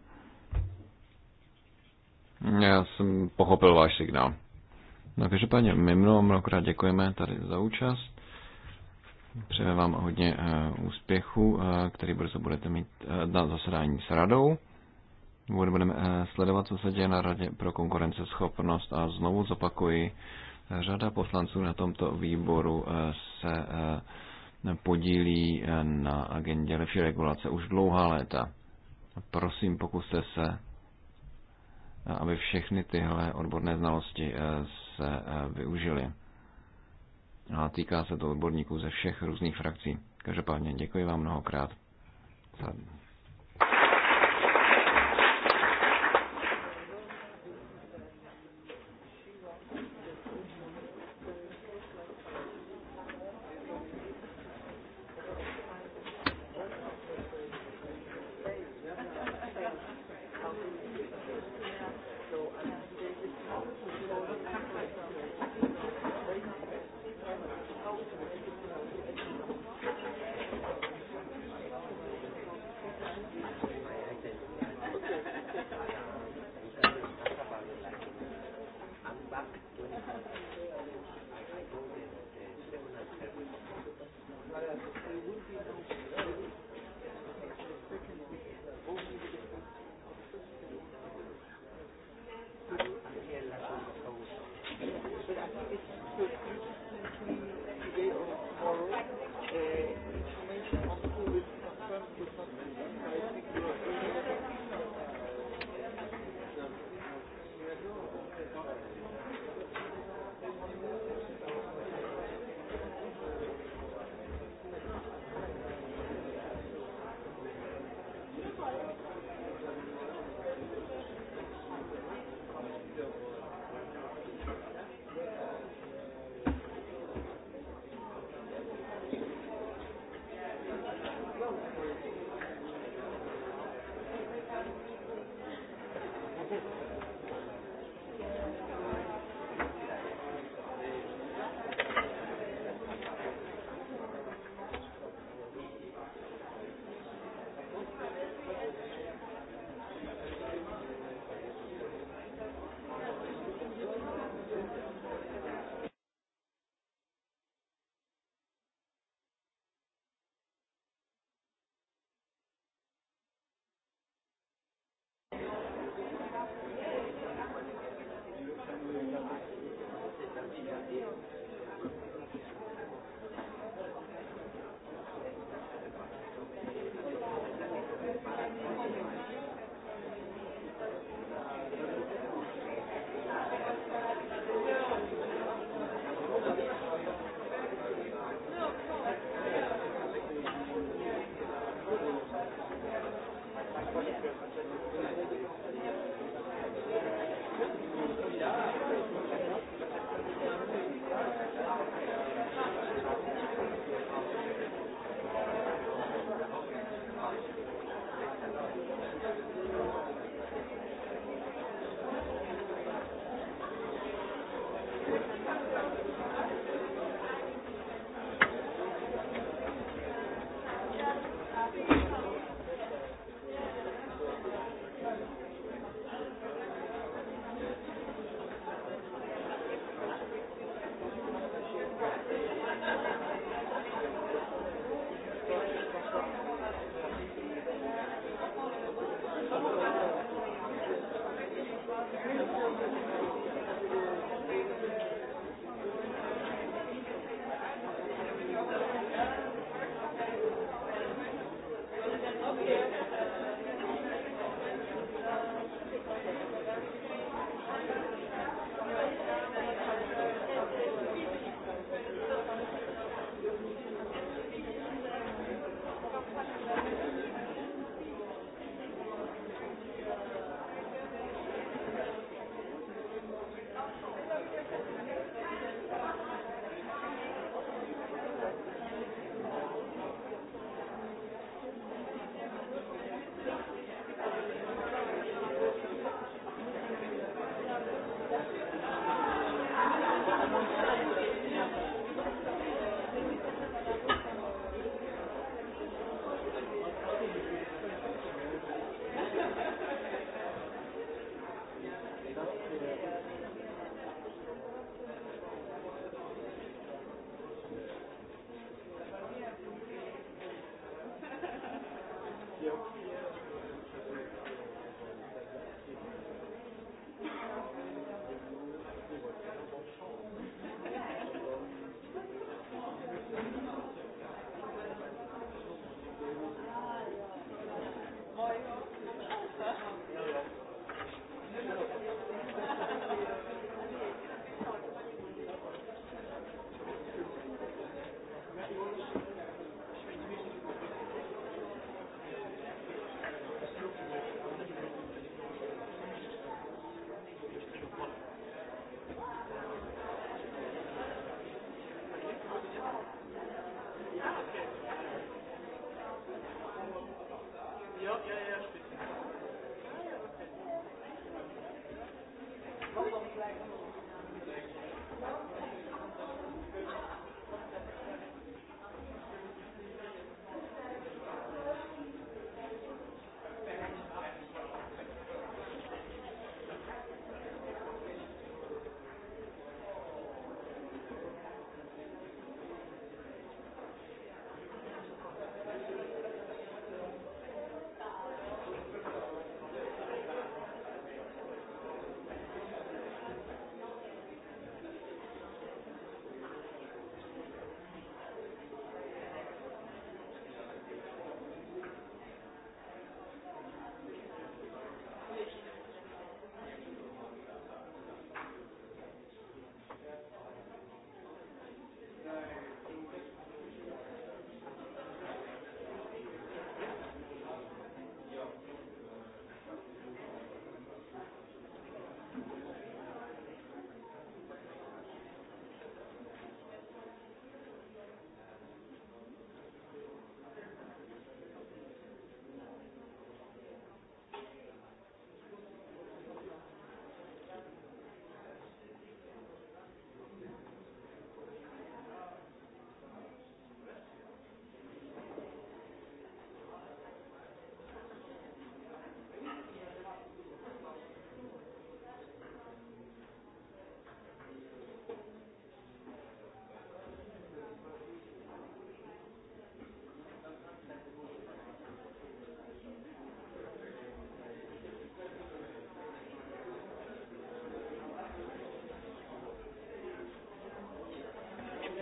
Já jsem pochopil váš signál. No každopádně, my mnoho, mnohokrát děkujeme tady za účast. Přejeme vám hodně uh, úspěchu, uh, který brzo budete mít uh, na zasedání s radou. Budeme uh, sledovat, co se děje na Radě pro konkurenceschopnost a znovu zopakuji, řada poslanců na tomto výboru uh, se uh, podílí eh, na agendě lepší regulace už dlouhá léta. Prosím, pokuste se, eh, aby všechny tyhle odborné znalosti eh, se využily. A týká se to odborníků ze všech různých frakcí. Každopádně děkuji vám mnohokrát za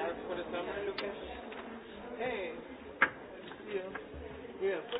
Lucas. Hey. Yeah. Yeah.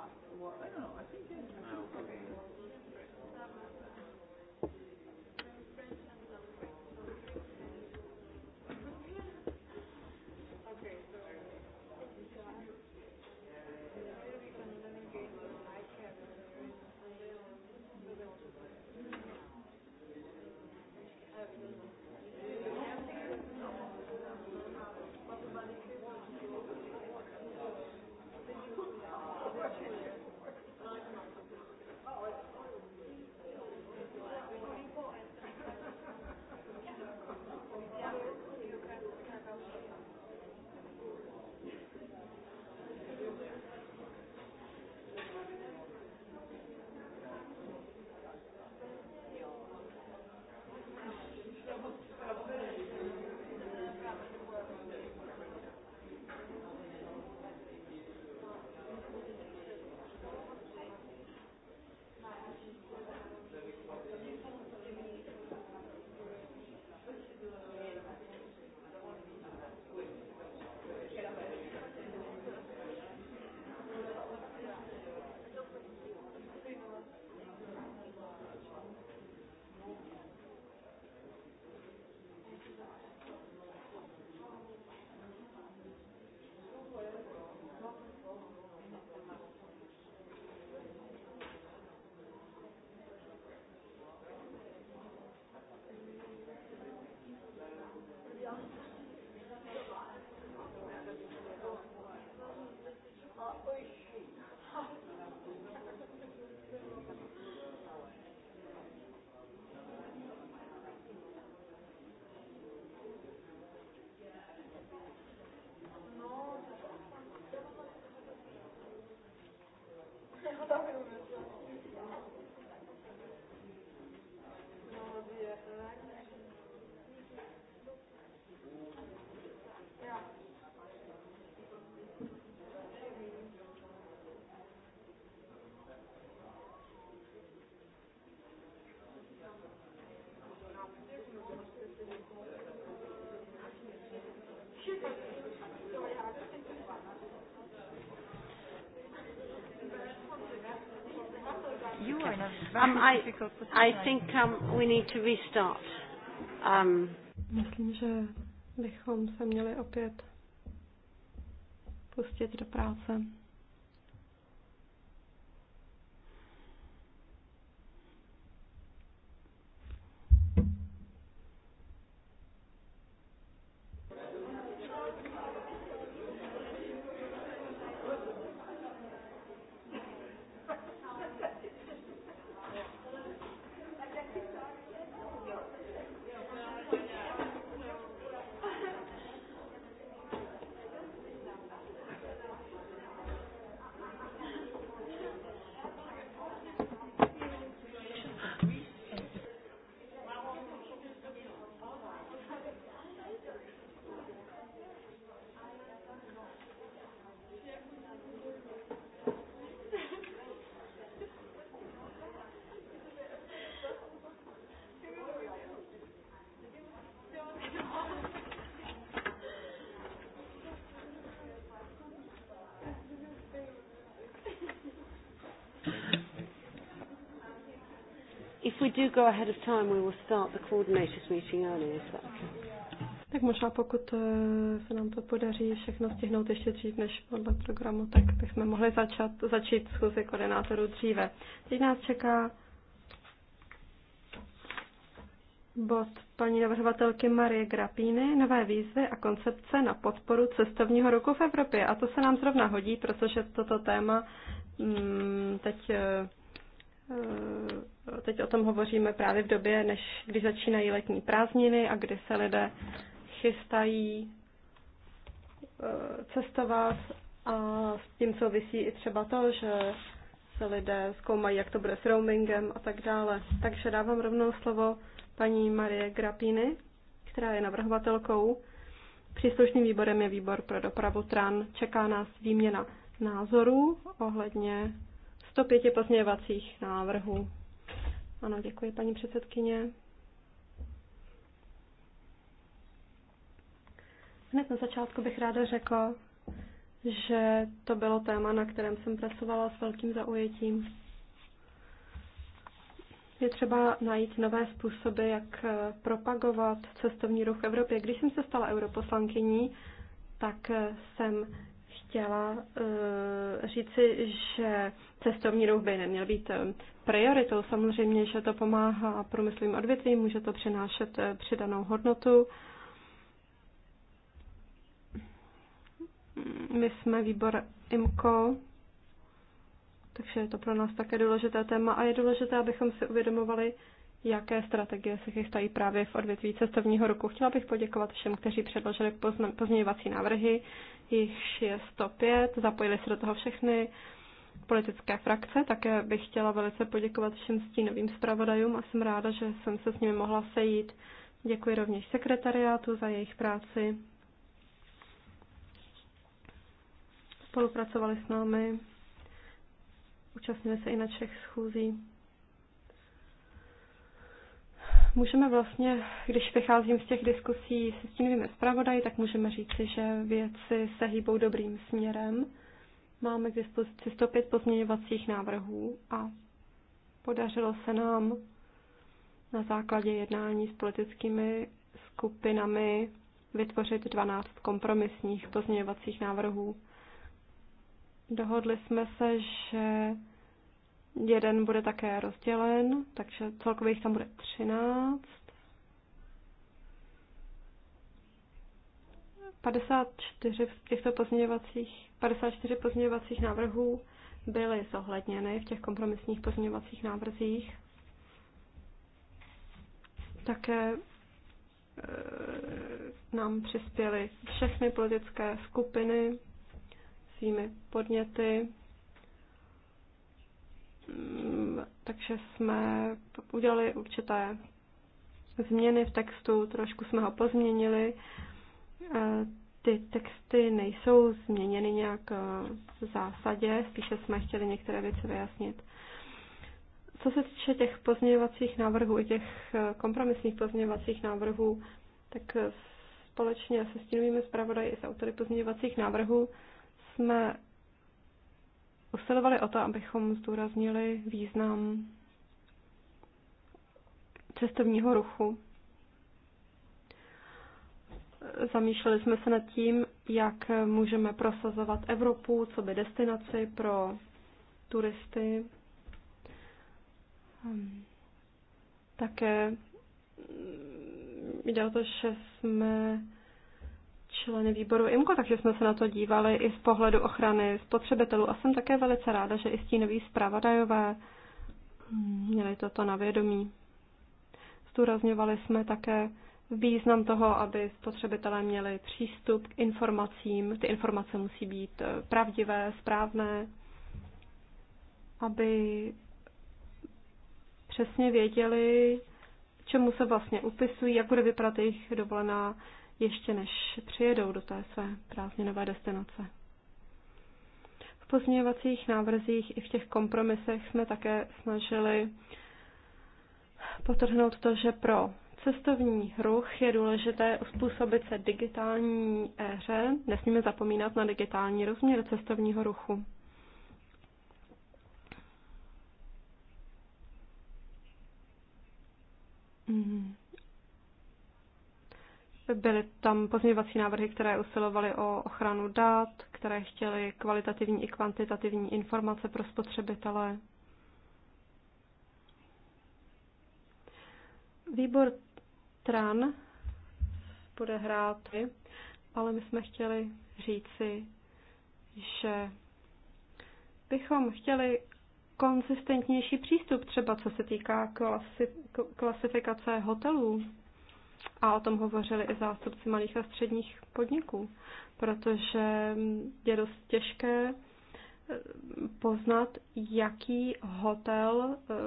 past. Well, I don't know. I Um, I, I think um, we need to restart. Um, Myslím, že bychom se měli opět pustit do práce. If we do go ahead of time, we will start the coordinators meeting early, is that okay? Tak možná pokud eh, se nám to podaří všechno stihnout ještě dřív než podle programu, tak bychom mohli začat, začít schůzi koordinátorů dříve. Teď nás čeká bod paní navrhovatelky Marie Grapíny, nové výzvy a koncepce na podporu cestovního ruchu v Evropě. A to se nám zrovna hodí, protože toto téma mm, teď eh, Eh, teď o tom hovoříme právě v době, než když začínají letní prázdniny a kdy se lidé chystají eh, cestovat a s tím souvisí i třeba to, že se lidé zkoumají, jak to bude s roamingem a tak dále. Takže dávám rovnou slovo paní Marie Grapiny, která je navrhovatelkou. Příslušným výborem je výbor pro dopravu TRAN. Čeká nás výměna názorů ohledně 105 pozměňovacích návrhů. Ano, děkuji, paní předsedkyně. Hned na začátku bych ráda řekla, že to bylo téma, na kterém jsem pracovala s velkým zaujetím. Je třeba najít nové způsoby, jak eh, propagovat cestovní ruch v Evropě. Když jsem se stala europoslankyní, tak eh, jsem chtěla eh, říci, že cestovní ruch by neměl být eh, prioritou. Samozřejmě, že to pomáhá průmyslovým odvětvím, může to přinášet eh, přidanou hodnotu. My jsme výbor IMCO, takže je to pro nás také důležité téma a je důležité, abychom si uvědomovali, jaké strategie se chystají právě v odvětví cestovního roku. Chtěla bych poděkovat všem, kteří předložili pozměňovací návrhy, jich je 105, zapojili se do toho všechny politické frakce. Také bych chtěla velice poděkovat všem stínovým zpravodajům a jsem ráda, že jsem se s nimi mohla sejít. Děkuji rovněž sekretariátu za jejich práci. Spolupracovali s námi, účastnili se i na všech schůzí. Můžeme vlastně, když vycházím z těch diskusí se stínovými zpravodaji, tak můžeme říci, že věci se hýbou dobrým směrem Máme k dispozici 105 pozměňovacích návrhů a podařilo se nám na základě jednání s politickými skupinami vytvořit 12 kompromisních pozměňovacích návrhů. Dohodli jsme se, že jeden bude také rozdělen, takže celkově jich tam bude 13. 54 těchto pozměňovacích 54 pozměňovacích návrhů byly zohledněny v těch kompromisních pozměňovacích návrzích. Také e, nám přispěly všechny politické skupiny svými podněty. Mm, takže jsme udělali určité změny v textu, trošku jsme ho pozměnili. E, ty texty nejsou změněny nějak eh, v zásadě, spíše jsme chtěli některé věci vyjasnit. Co se týče těch pozměňovacích návrhů i těch eh, kompromisních pozměňovacích návrhů, tak eh, společně se stínovými zpravodaji i s autory pozměňovacích návrhů jsme usilovali o to, abychom zdůraznili význam cestovního ruchu Zamýšleli jsme se nad tím, jak můžeme prosazovat Evropu, co by destinaci pro turisty. Hm. Také hm, jde o to, že jsme členy výboru IMCO, takže jsme se na to dívali i z pohledu ochrany spotřebitelů a jsem také velice ráda, že i stínoví zpravodajové hm, měli toto na vědomí. Zdůrazňovali jsme také význam toho, aby spotřebitelé měli přístup k informacím. Ty informace musí být eh, pravdivé, správné, aby přesně věděli, čemu se vlastně upisují, jak bude vypadat jejich dovolená, ještě než přijedou do té své prázdninové destinace. V pozměňovacích návrzích i v těch kompromisech jsme také snažili potrhnout to, že pro cestovní ruch je důležité uspůsobit se digitální éře. Nesmíme zapomínat na digitální rozměr cestovního ruchu. Mm. Byly tam pozměvací návrhy, které usilovaly o ochranu dat, které chtěly kvalitativní i kvantitativní informace pro spotřebitele. Výbor Tran bude hrát, ale my jsme chtěli říci, že bychom chtěli konzistentnější přístup, třeba co se týká klasi, klasifikace hotelů. A o tom hovořili i zástupci malých a středních podniků, protože je dost těžké poznat, jaký hotel e, e,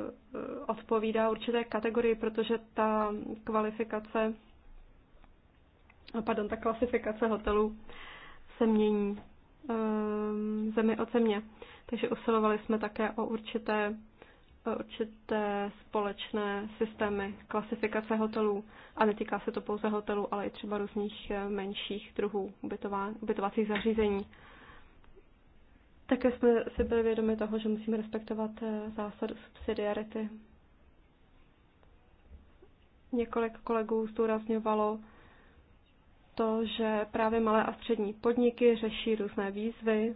odpovídá určité kategorii, protože ta kvalifikace, pardon, ta klasifikace hotelů se mění e, zemi od země. Takže usilovali jsme také o určité, určité společné systémy klasifikace hotelů. A netýká se to pouze hotelů, ale i třeba různých menších druhů ubytovacích zařízení. Také jsme si byli vědomi toho, že musíme respektovat eh, zásadu subsidiarity. Několik kolegů zdůrazňovalo to, že právě malé a střední podniky řeší různé výzvy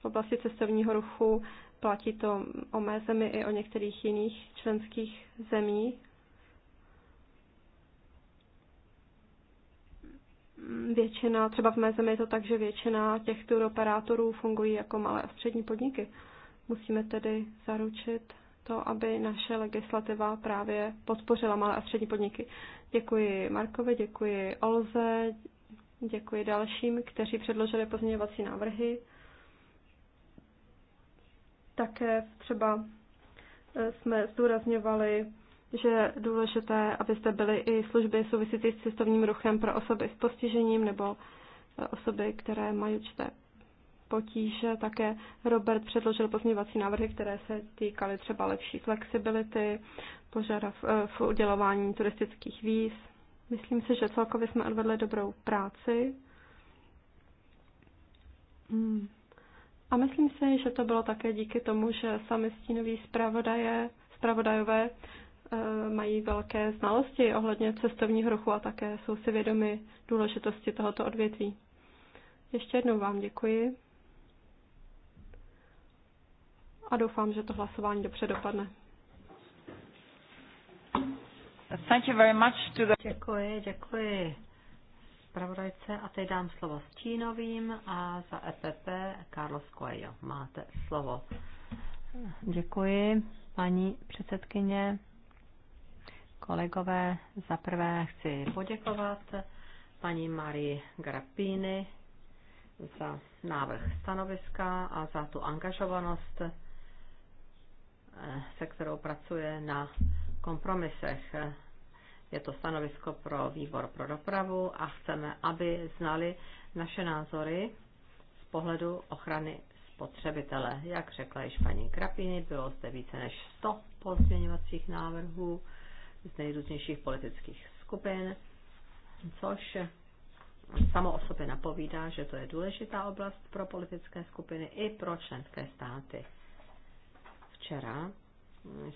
v oblasti cestovního ruchu. Platí to o mé zemi i o některých jiných členských zemích většina, třeba v mé zemi je to tak, že většina těch operátorů fungují jako malé a střední podniky. Musíme tedy zaručit to, aby naše legislativa právě podpořila malé a střední podniky. Děkuji Markovi, děkuji Olze, děkuji dalším, kteří předložili pozměňovací návrhy. Také třeba eh, jsme zdůrazňovali že je důležité, abyste byli i služby související s cestovním ruchem pro osoby s postižením nebo eh, osoby, které mají určité potíže. Také Robert předložil pozměňovací návrhy, které se týkaly třeba lepší flexibility, požadav eh, v udělování turistických víz. Myslím si, že celkově jsme odvedli dobrou práci. Hmm. A myslím si, že to bylo také díky tomu, že sami stínoví zpravodaje, zpravodajové Eh, mají velké znalosti ohledně cestovního ruchu a také jsou si vědomi důležitosti tohoto odvětví. Ještě jednou vám děkuji a doufám, že to hlasování dobře dopadne. Thank you very much to the... Děkuji, děkuji zpravodajce a teď dám slovo Stínovým a za EPP Carlos Coelho. Máte slovo. Děkuji, paní předsedkyně. Kolegové, zaprvé chci poděkovat paní Marii Grappini za návrh stanoviska a za tu angažovanost, eh, se kterou pracuje na kompromisech. Je to stanovisko pro výbor pro dopravu a chceme, aby znali naše názory z pohledu ochrany spotřebitele. Jak řekla již paní Krapiny, bylo zde více než 100 pozměňovacích návrhů z nejrůznějších politických skupin, což samo o sobě napovídá, že to je důležitá oblast pro politické skupiny i pro členské státy. Včera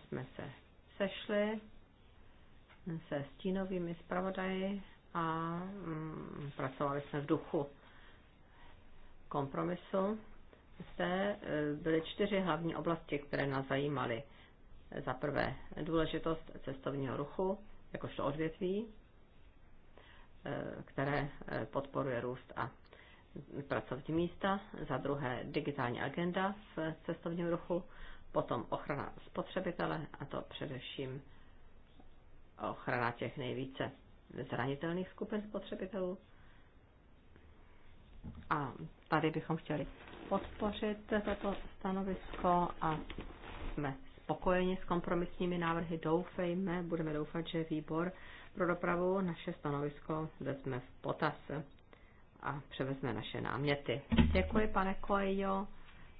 jsme se sešli se stínovými zpravodaji a mm, pracovali jsme v duchu kompromisu. Zde e, byly čtyři hlavní oblasti, které nás zajímaly za prvé důležitost cestovního ruchu, jakožto odvětví, eh, které eh, podporuje růst a pracovní místa, za druhé digitální agenda v cestovním ruchu, potom ochrana spotřebitele, a to především ochrana těch nejvíce zranitelných skupin spotřebitelů. A tady bychom chtěli podpořit toto stanovisko a jsme spokojeni s kompromisními návrhy. Doufejme, budeme doufat, že výbor pro dopravu naše stanovisko vezme v potaz a převezme naše náměty. Děkuji, pane Koejo?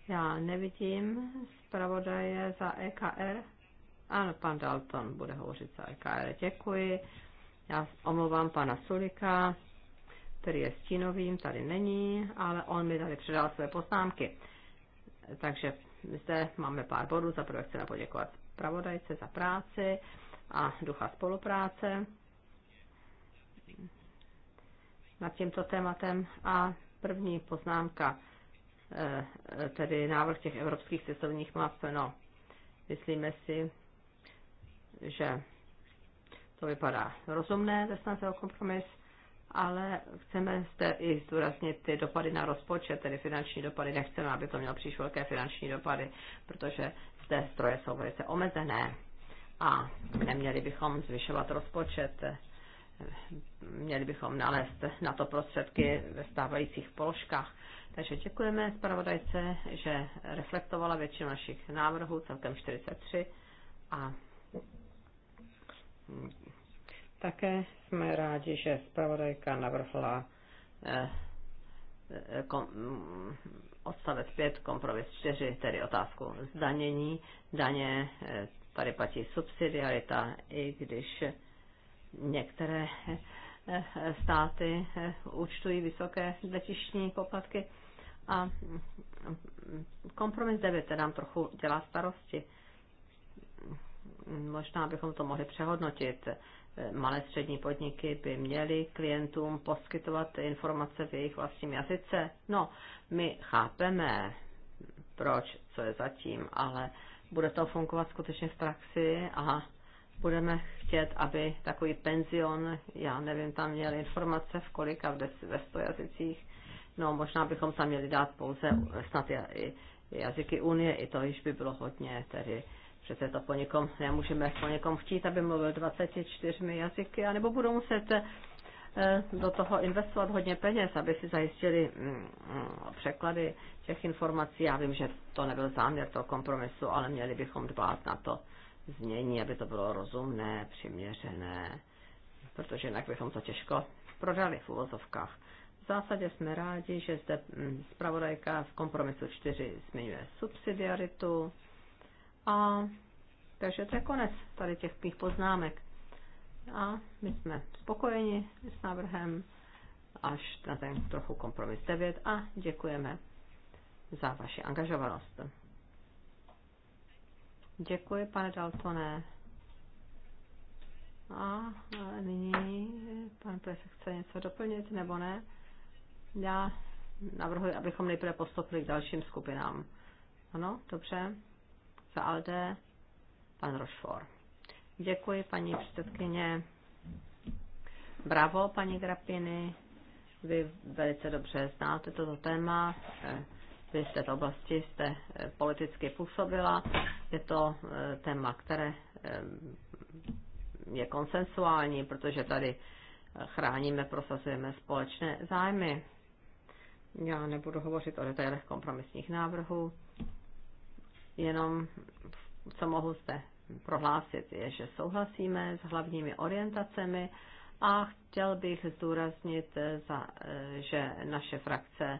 Já nevidím zpravodaje za EKR. Ano, pan Dalton bude hovořit za EKR. Děkuji. Já omlouvám pana Sulika, který je stínovým, tady není, ale on mi tady předal své poznámky. Takže zde máme pár bodů. Za prvé chceme poděkovat pravodajce za práci a ducha spolupráce nad tímto tématem. A první poznámka, eh, tedy návrh těch evropských cestovních map, no, myslíme si, že to vypadá rozumné, ve snaze o kompromis ale chceme zde i zdůraznit ty dopady na rozpočet, tedy finanční dopady. Nechceme, aby to mělo příliš velké finanční dopady, protože zde stroje jsou velice omezené a neměli bychom zvyšovat rozpočet. Měli bychom nalézt na to prostředky ve stávajících položkách. Takže děkujeme zpravodajce, že reflektovala většinu našich návrhů, celkem 43. A také jsme rádi, že zpravodajka navrhla eh, eh, kom, mm, odstavec 5, kompromis 4, tedy otázku zdanění. Daně, eh, tady platí subsidiarita, i když některé státy účtují vysoké letišní poplatky. A mm, kompromis 9 nám trochu dělá starosti. Možná bychom to mohli přehodnotit malé střední podniky by měly klientům poskytovat informace v jejich vlastním jazyce. No, my chápeme, proč, co je zatím, ale bude to fungovat skutečně v praxi a budeme chtět, aby takový penzion, já nevím, tam měl informace v kolika, v des, ve sto jazycích, no možná bychom tam měli dát pouze snad jazyky Unie, i to již by bylo hodně, tedy Přece to po někom, nemůžeme po někom chtít, aby mluvil 24 jazyky, anebo budou muset eh, do toho investovat hodně peněz, aby si zajistili mm, překlady těch informací. Já vím, že to nebyl záměr toho kompromisu, ale měli bychom dbát na to změní, aby to bylo rozumné, přiměřené, protože jinak bychom to těžko prodali v uvozovkách. V zásadě jsme rádi, že zde mm, zpravodajka v kompromisu 4 zmiňuje subsidiaritu, a takže to je konec tady těch mých poznámek. A my jsme spokojeni s návrhem až na ten trochu kompromis 9 a děkujeme za vaši angažovanost. Děkuji, pane Daltone. A nyní pan prefekt chce něco doplnit, nebo ne? Já navrhuji, abychom nejprve postoupili k dalším skupinám. Ano, dobře. Za Alde, pan Rošfor. Děkuji, paní předsedkyně. Bravo, paní Grapiny. Vy velice dobře znáte toto téma. Vy jste této oblasti jste eh, politicky působila. Je to eh, téma, které eh, je konsensuální, protože tady chráníme, prosazujeme společné zájmy. Já nebudu hovořit o detailech kompromisních návrhů. Jenom co mohu zde prohlásit je, že souhlasíme s hlavními orientacemi a chtěl bych zdůraznit, eh, za, eh, že naše frakce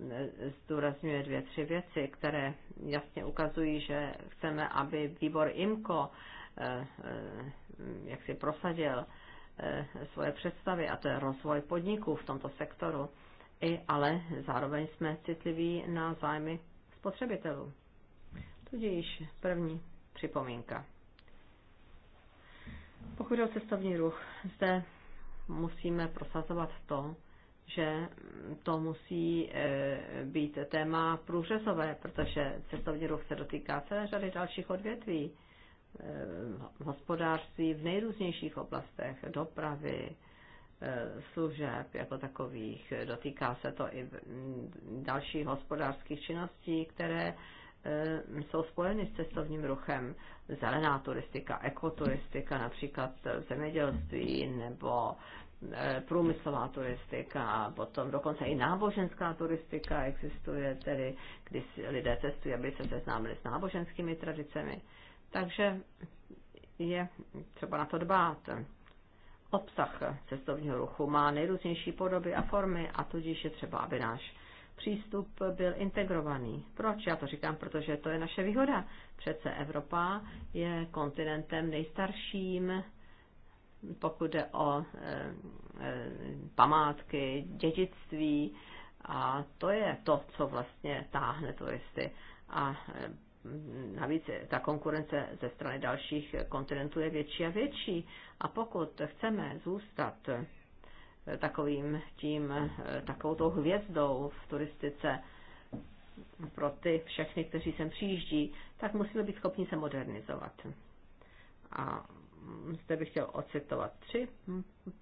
eh, zdůrazňuje dvě, tři věci, které jasně ukazují, že chceme, aby výbor IMCO jak si prosadil svoje představy, a to je rozvoj podniků v tomto sektoru, i ale zároveň jsme citliví na zájmy spotřebitelů. Tudíž první připomínka. Pokud je o cestovní ruch, zde musíme prosazovat to, že to musí e, být téma průřezové, protože cestovní ruch se dotýká celé řady dalších odvětví, e, hospodářství v nejrůznějších oblastech, dopravy, e, služeb jako takových. Dotýká se to i dalších hospodářských činností, které Ehm, jsou spojeny s cestovním ruchem. Zelená turistika, ekoturistika, například v zemědělství nebo ehm, průmyslová turistika, potom dokonce i náboženská turistika existuje, tedy když lidé cestují, aby se seznámili s náboženskými tradicemi. Takže je třeba na to dbát. Obsah cestovního ruchu má nejrůznější podoby a formy a tudíž je třeba, aby náš přístup byl integrovaný. Proč? Já to říkám, protože to je naše výhoda. Přece Evropa je kontinentem nejstarším, pokud jde o e, e, památky, dědictví a to je to, co vlastně táhne turisty. A e, navíc ta konkurence ze strany dalších kontinentů je větší a větší. A pokud chceme zůstat takovým tím, eh, takovou tou hvězdou v turistice pro ty všechny, kteří sem přijíždí, tak musíme být schopni se modernizovat. A zde bych chtěl ocitovat tři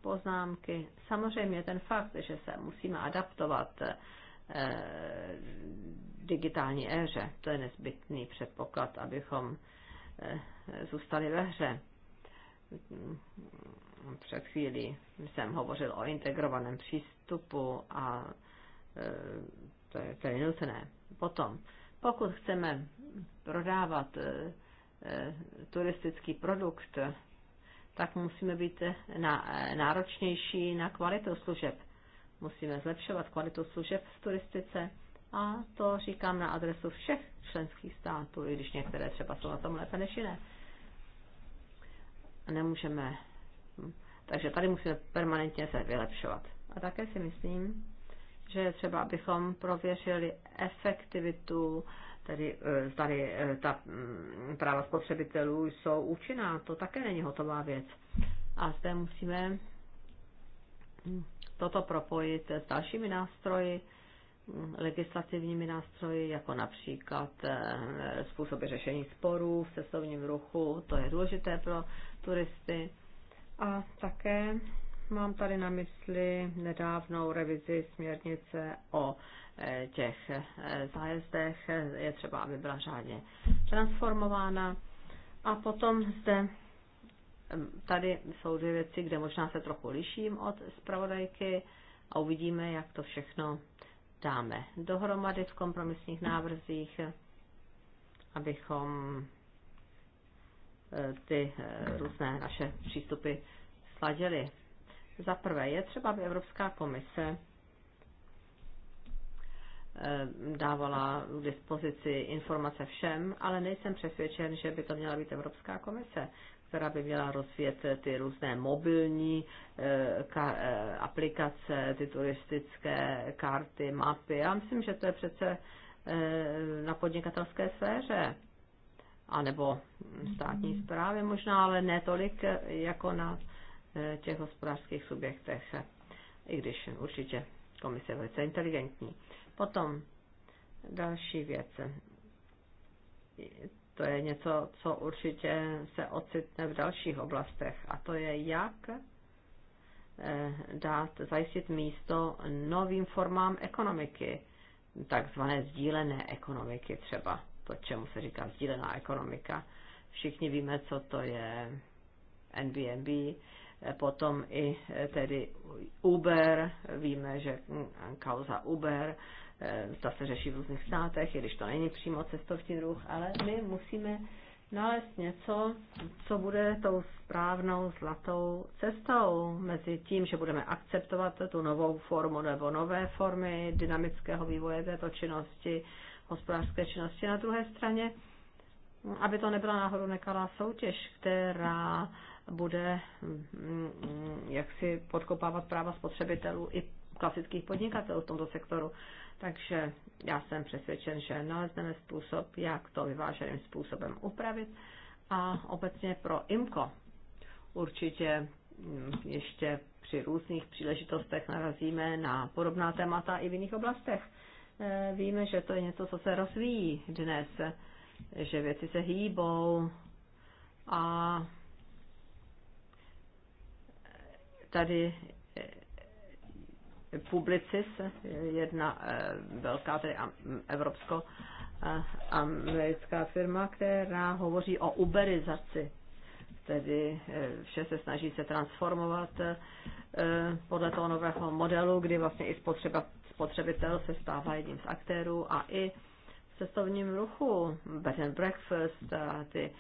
poznámky. Samozřejmě ten fakt, že se musíme adaptovat eh, digitální éře, to je nezbytný předpoklad, abychom eh, zůstali ve hře před chvílí jsem hovořil o integrovaném přístupu a e, to je, to je nutné. Potom, pokud chceme prodávat e, e, turistický produkt, tak musíme být náročnější na kvalitu služeb. Musíme zlepšovat kvalitu služeb v turistice a to říkám na adresu všech členských států, i když některé třeba jsou na tom lépe než jiné. Nemůžeme takže tady musíme permanentně se vylepšovat. A také si myslím, že třeba abychom prověřili efektivitu, tedy e, tady e, ta mm, práva spotřebitelů jsou účinná, to také není hotová věc. A zde musíme toto propojit s dalšími nástroji, legislativními nástroji, jako například e, způsoby řešení sporů v cestovním ruchu, to je důležité pro turisty, a také mám tady na mysli nedávnou revizi směrnice o e, těch e, zájezdech. Je třeba, aby byla řádně transformována. A potom zde e, tady jsou dvě věci, kde možná se trochu liším od zpravodajky a uvidíme, jak to všechno dáme dohromady v kompromisních návrzích, abychom Eh, ty eh, různé naše přístupy sladily. Za prvé je třeba, aby Evropská komise eh, dávala k dispozici informace všem, ale nejsem přesvědčen, že by to měla být Evropská komise, která by měla rozvíjet ty různé mobilní aplikace, ty turistické karty, mapy. Já myslím, že to je přece na podnikatelské sféře anebo státní zprávy možná, ale ne tolik eh, jako na eh, těch hospodářských subjektech, i když určitě komise je velice inteligentní. Potom další věc. To je něco, co určitě se ocitne v dalších oblastech, a to je, jak eh, dát, zajistit místo novým formám ekonomiky, takzvané sdílené ekonomiky třeba to, čemu se říká sdílená ekonomika. Všichni víme, co to je NBNB, potom i eh, tedy Uber, víme, že hm, kauza Uber, eh, ta se řeší v různých státech, i když to není přímo cestovní ruch, ale my musíme nalézt něco, co bude tou správnou zlatou cestou mezi tím, že budeme akceptovat tu novou formu nebo nové formy dynamického vývoje této činnosti hospodářské činnosti. Na druhé straně, aby to nebyla náhodou nekalá soutěž, která bude mm, jaksi podkopávat práva spotřebitelů i klasických podnikatelů v tomto sektoru. Takže já jsem přesvědčen, že nalezneme způsob, jak to vyváženým způsobem upravit a obecně pro IMCO určitě mm, ještě při různých příležitostech narazíme na podobná témata i v jiných oblastech. Eh, víme, že to je něco, co se rozvíjí dnes, že věci se hýbou a tady eh, Publicis, jedna eh, velká tedy evropsko-americká firma, která hovoří o uberizaci. Tedy vše se snaží se transformovat podle toho nového modelu, kdy vlastně i spotřeba spotřebitel se stává jedním z aktérů a i v cestovním ruchu, bed and breakfast a ty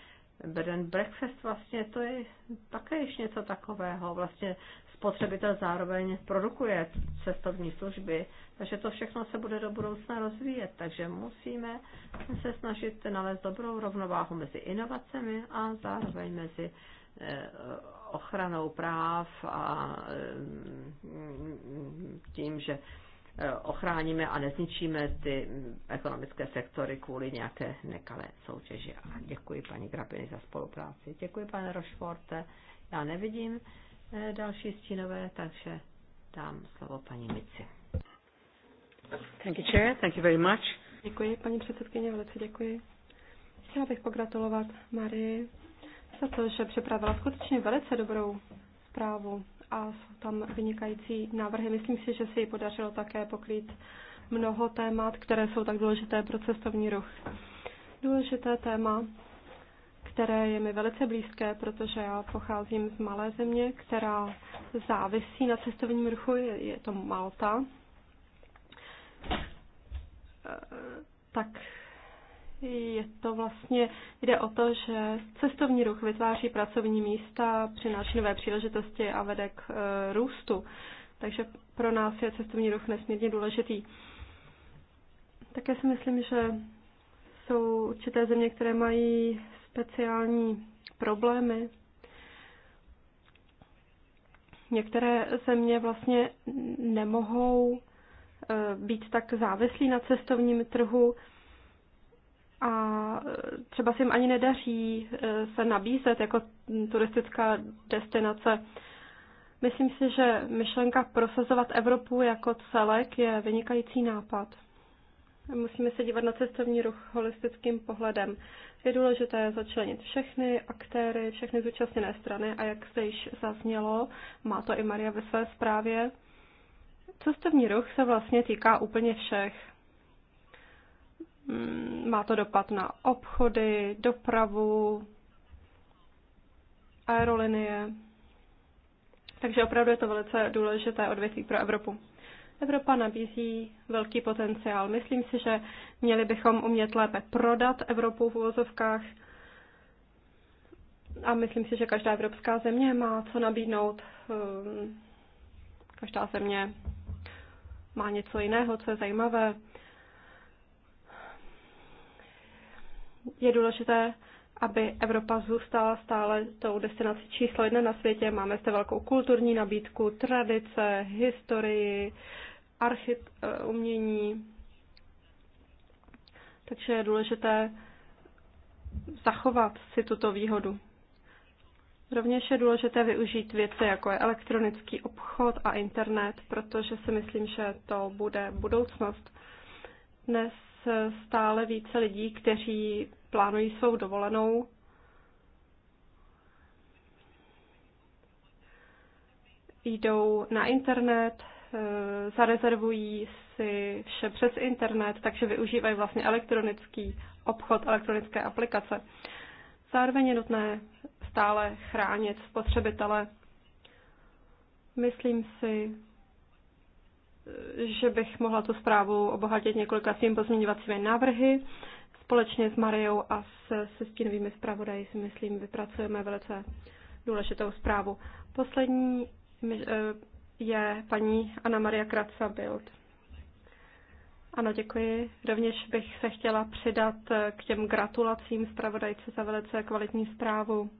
bed and breakfast vlastně to je také ještě něco takového. Vlastně spotřebitel zároveň produkuje cestovní služby, takže to všechno se bude do budoucna rozvíjet, takže musíme se snažit nalézt dobrou rovnováhu mezi inovacemi a zároveň mezi eh, ochranou práv a eh, tím, že Eh, ochráníme a nezničíme ty ekonomické sektory kvůli nějaké nekalé soutěži. A děkuji paní Grapiny za spolupráci. Děkuji pane Rošforte. Já nevidím eh, další stínové, takže dám slovo paní Mici. Thank you, Chair. Thank you very much. Děkuji, paní předsedkyně, velice děkuji. Chtěla bych pogratulovat Marii za to, že připravila skutečně velice dobrou zprávu a jsou tam vynikající návrhy. Myslím si, že se jí podařilo také pokrýt mnoho témat, které jsou tak důležité pro cestovní ruch. Důležité téma, které je mi velice blízké, protože já pocházím z malé země, která závisí na cestovním ruchu, je, je to Malta. Eh, tak je to vlastně, jde o to, že cestovní ruch vytváří pracovní místa, přináší nové příležitosti a vede k e, růstu. Takže pro nás je cestovní ruch nesmírně důležitý. Také si myslím, že jsou určité země, které mají speciální problémy. Některé země vlastně nemohou e, být tak závislí na cestovním trhu, a třeba se jim ani nedaří e, se nabízet jako turistická destinace. Myslím si, že myšlenka prosazovat Evropu jako celek je vynikající nápad. Musíme se dívat na cestovní ruch holistickým pohledem. Je důležité začlenit všechny aktéry, všechny zúčastněné strany a jak se již zaznělo, má to i Maria ve své zprávě, cestovní ruch se vlastně týká úplně všech Mm, má to dopad na obchody, dopravu, aerolinie. Takže opravdu je to velice důležité odvětví pro Evropu. Evropa nabízí velký potenciál. Myslím si, že měli bychom umět lépe prodat Evropu v uvozovkách a myslím si, že každá evropská země má co nabídnout. Ehm, každá země má něco jiného, co je zajímavé. je důležité, aby Evropa zůstala stále tou destinací číslo jedna na světě. Máme zde velkou kulturní nabídku, tradice, historii, archit, eh, umění. Takže je důležité zachovat si tuto výhodu. Rovněž je důležité využít věci, jako je elektronický obchod a internet, protože si myslím, že to bude budoucnost. Dnes stále více lidí, kteří plánují svou dovolenou. Jdou na internet, eh, zarezervují si vše přes internet, takže využívají vlastně elektronický obchod, elektronické aplikace. Zároveň je nutné stále chránit spotřebitele. Myslím si, že bych mohla tu zprávu obohatit několika svými pozměňovacími návrhy. Společně s Mariou a s, se stínovými zpravodaji si myslím vypracujeme velice důležitou zprávu. Poslední eh, je paní Anna Maria Kratza Bild. Ano, děkuji. Rovněž bych se chtěla přidat eh, k těm gratulacím zpravodajce za velice kvalitní zprávu.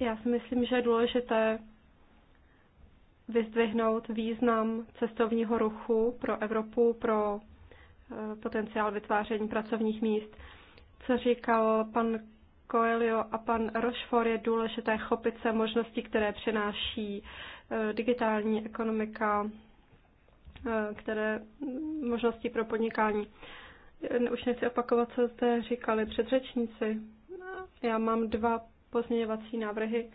Já si myslím, že je důležité vyzdvihnout význam cestovního ruchu pro Evropu, pro eh, potenciál vytváření pracovních míst. Co říkal pan Coelho a pan Rochefort, je důležité chopit se možnosti, které přináší eh, digitální ekonomika, eh, které možnosti pro podnikání. Už nechci opakovat, co zde říkali předřečníci. Já mám dva pozměňovací návrhy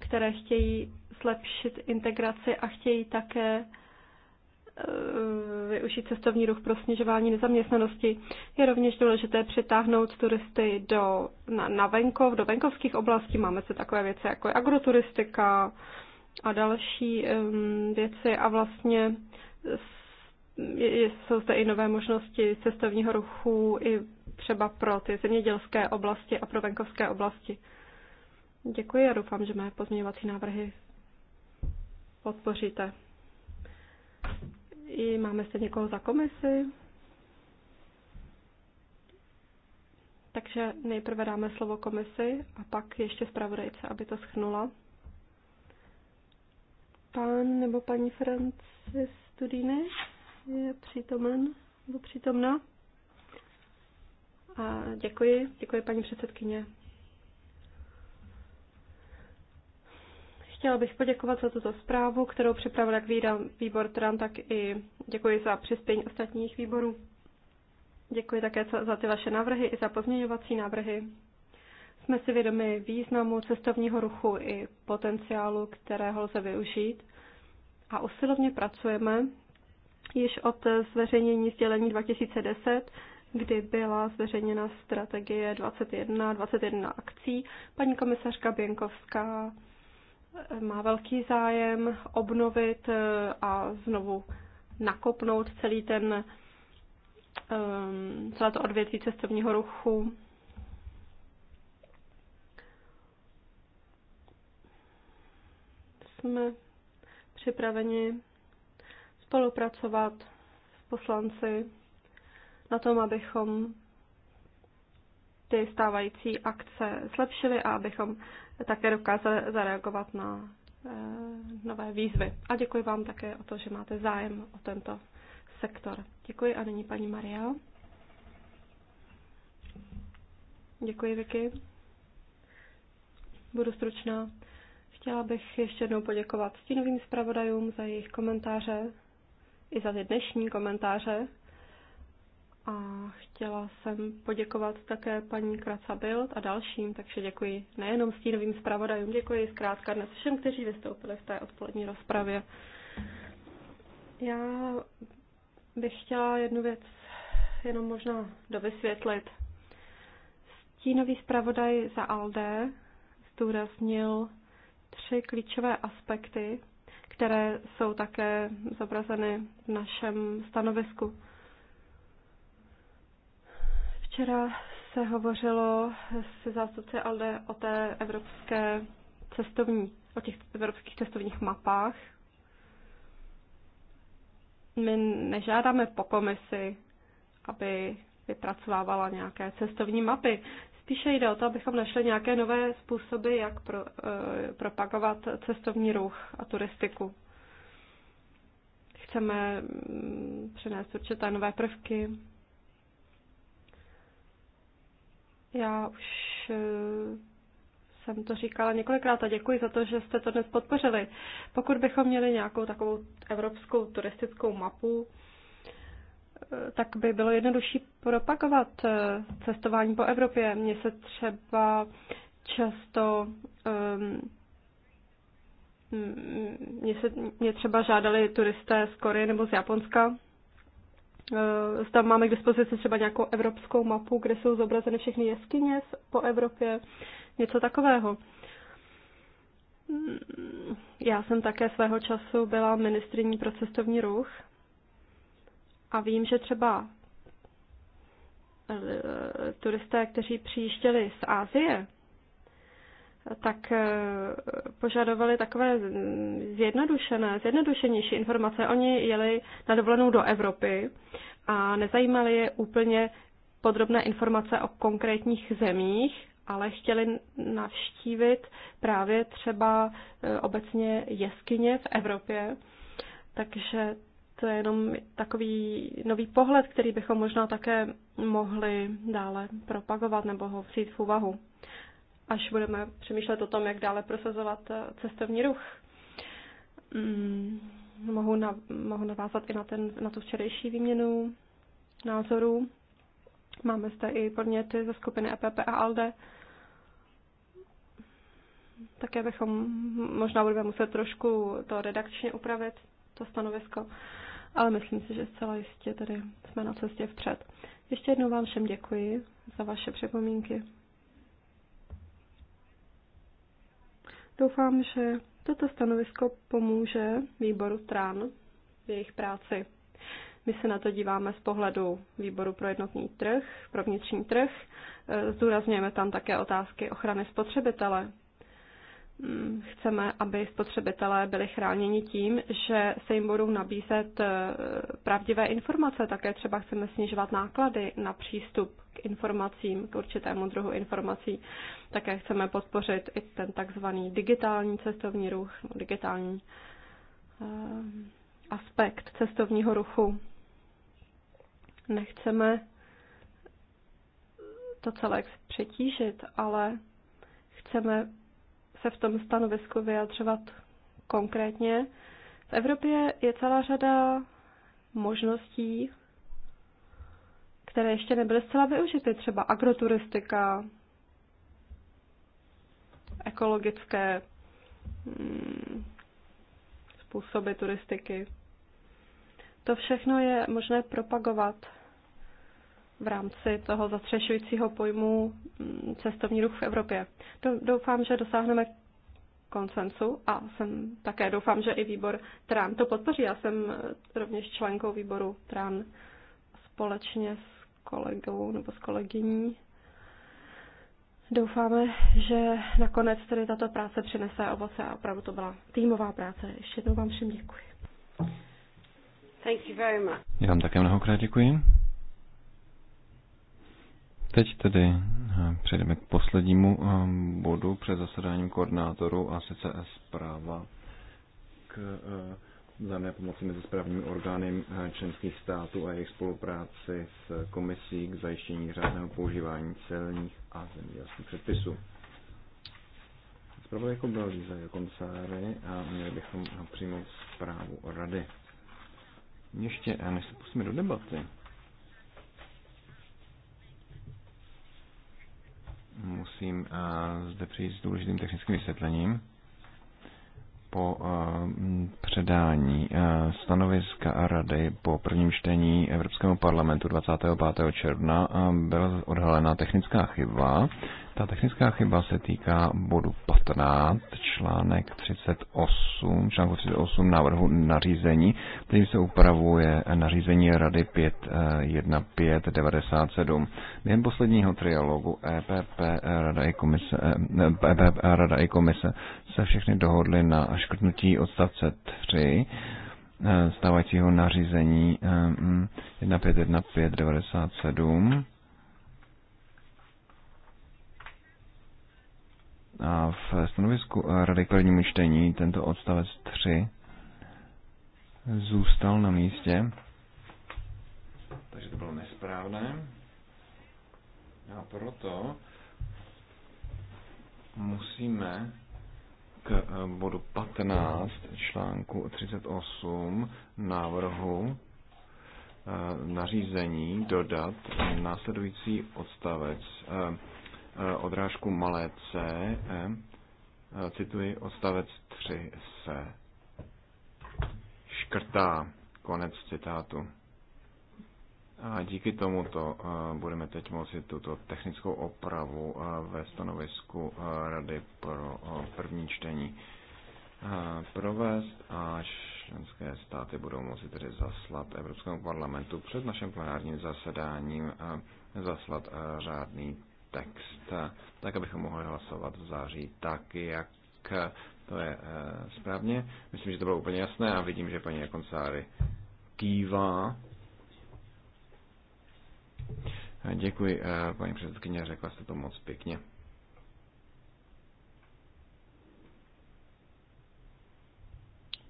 které chtějí zlepšit integraci a chtějí také eh, využít cestovní ruch pro snižování nezaměstnanosti. Je rovněž důležité přitáhnout turisty do, na, na venkov, do venkovských oblastí. Máme se takové věci, jako je agroturistika a další um, věci a vlastně jsou zde i nové možnosti cestovního ruchu i třeba pro ty zemědělské oblasti a pro venkovské oblasti. Děkuji a doufám, že mé pozměňovací návrhy podpoříte. I máme se někoho za komisi. Takže nejprve dáme slovo komisi a pak ještě zpravodajce, aby to schnula. Pán nebo paní Francis Studiny je přítomen nebo přítomna. A děkuji, děkuji paní předsedkyně. Chtěla bych poděkovat za tuto zprávu, kterou připravil jak výbor TRAN, tak i děkuji za přispění ostatních výborů. Děkuji také za ty vaše návrhy i za pozměňovací návrhy. Jsme si vědomi významu cestovního ruchu i potenciálu, kterého lze využít a usilovně pracujeme již od zveřejnění sdělení 2010 kdy byla zveřejněna strategie 21, 21 akcí. Paní komisařka Běnkovská má velký zájem obnovit eh, a znovu nakopnout celý ten, eh, celé to odvětví cestovního ruchu. Jsme připraveni spolupracovat s poslanci na tom, abychom ty stávající akce zlepšily a abychom také dokázali zareagovat na eh, nové výzvy. A děkuji vám také o to, že máte zájem o tento sektor. Děkuji a nyní paní Maria. Děkuji, Vicky. Budu stručná. Chtěla bych ještě jednou poděkovat stínovým zpravodajům za jejich komentáře i za ty dnešní komentáře a chtěla jsem poděkovat také paní Kraca Bild a dalším, takže děkuji nejenom stínovým zpravodajům, děkuji zkrátka dnes všem, kteří vystoupili v té odpolední rozpravě. Já bych chtěla jednu věc jenom možná dovysvětlit. Stínový zpravodaj za ALDE zdůraznil tři klíčové aspekty, které jsou také zobrazeny v našem stanovisku. Včera se hovořilo se zástupce ALDE o té evropské cestovní, o těch evropských cestovních mapách. My nežádáme po komisi, aby vypracovávala nějaké cestovní mapy. Spíše jde o to, abychom našli nějaké nové způsoby, jak pro, eh, propagovat cestovní ruch a turistiku. Chceme mm, přinést určité nové prvky, Já už eh, jsem to říkala několikrát a děkuji za to, že jste to dnes podpořili. Pokud bychom měli nějakou takovou evropskou turistickou mapu, eh, tak by bylo jednodušší propagovat eh, cestování po Evropě. Mně se třeba často um, ehm, mě, se, mě třeba žádali turisté z Koreje nebo z Japonska, Eh, zda máme k dispozici třeba nějakou evropskou mapu, kde jsou zobrazeny všechny jeskyně po Evropě, něco takového. Mm, já jsem také svého času byla ministriní pro cestovní ruch a vím, že třeba eh, turisté, kteří přijížděli z Asie, tak eh, požadovali takové zjednodušené, zjednodušenější informace. Oni jeli na dovolenou do Evropy a nezajímaly je úplně podrobné informace o konkrétních zemích, ale chtěli navštívit právě třeba eh, obecně jeskyně v Evropě. Takže to je jenom takový nový pohled, který bychom možná také mohli dále propagovat nebo ho vzít v úvahu až budeme přemýšlet o tom, jak dále prosazovat eh, cestovní ruch. Mm, mohu, na, mohu navázat i na, ten, na tu včerejší výměnu názorů. Máme zde i podněty ze skupiny EPP a ALDE. Také bychom možná budeme muset trošku to redakčně upravit, to stanovisko, ale myslím si, že zcela jistě tady jsme na cestě vpřed. Ještě jednou vám všem děkuji za vaše připomínky. Doufám, že toto stanovisko pomůže výboru TRAN v jejich práci. My se na to díváme z pohledu výboru pro jednotný trh, pro vnitřní trh. E, zdůrazňujeme tam také otázky ochrany spotřebitele. Mm, chceme, aby spotřebitelé byli chráněni tím, že se jim budou nabízet eh, pravdivé informace. Také třeba chceme snižovat náklady na přístup k informacím, k určitému druhu informací. Také chceme podpořit i ten takzvaný digitální cestovní ruch, digitální eh, aspekt cestovního ruchu. Nechceme to celé přetížit, ale chceme se v tom stanovisku vyjadřovat konkrétně. V Evropě je celá řada možností, které ještě nebyly zcela využity, třeba agroturistika, ekologické mm, způsoby turistiky. To všechno je možné propagovat v rámci toho zastřešujícího pojmu mm, cestovní ruch v Evropě. Doufám, že dosáhneme konsensu a jsem také doufám, že i výbor TRAN to podpoří. Já jsem eh, rovněž členkou výboru TRAN společně s kolegou nebo s kolegyní. Doufáme, že nakonec tedy tato práce přinese ovoce a opravdu to byla týmová práce. Ještě jednou vám všem děkuji. Thank you very much. Já vám také mnohokrát děkuji. Teď tedy eh, přejdeme k poslednímu eh, bodu před zasedáním koordinátoru a sice zpráva k eh, vzájemné pomoci mezi správními orgány členských států a jejich spolupráci s komisí k zajištění řádného používání celních a zemědělských předpisů. jako byl Líza Jokonsáry a měli bychom přijmout zprávu o rady. Ještě, než se pustíme do debaty, musím eh, zde přijít s důležitým technickým vysvětlením. Po eh, předání eh, stanoviska Rady po prvním čtení Evropskému parlamentu 25. června byla odhalena technická chyba ta technická chyba se týká bodu 15, článek 38, článku 38 návrhu nařízení, kterým se upravuje nařízení Rady 51597. Během posledního trialogu EPP Rada i komise, EPP, Rada i komise se všechny dohodly na škrtnutí odstavce 3 eh, stávajícího nařízení 151597 eh, mm, A v stanovisku Rady k prvnímu čtení tento odstavec 3 zůstal na místě. Takže to bylo nesprávné. A proto musíme k eh, bodu 15 článku 38 návrhu eh, nařízení dodat následující odstavec. Eh, Eh, odrážku malé c, eh, eh, cituji odstavec 3 se škrtá. Konec citátu. A díky tomuto budeme teď moci tuto technickou opravu ve stanovisku Rady pro první čtení provést a členské státy budou moci tedy zaslat Evropskému parlamentu před naším plenárním zasedáním zaslat řádný text, tak abychom mohli hlasovat v září tak, jak to je eh, správně. Myslím, že to bylo úplně jasné a vidím, že paní Jakoncáry kývá. Eh, děkuji, eh, paní předsedkyně, řekla jste to moc pěkně.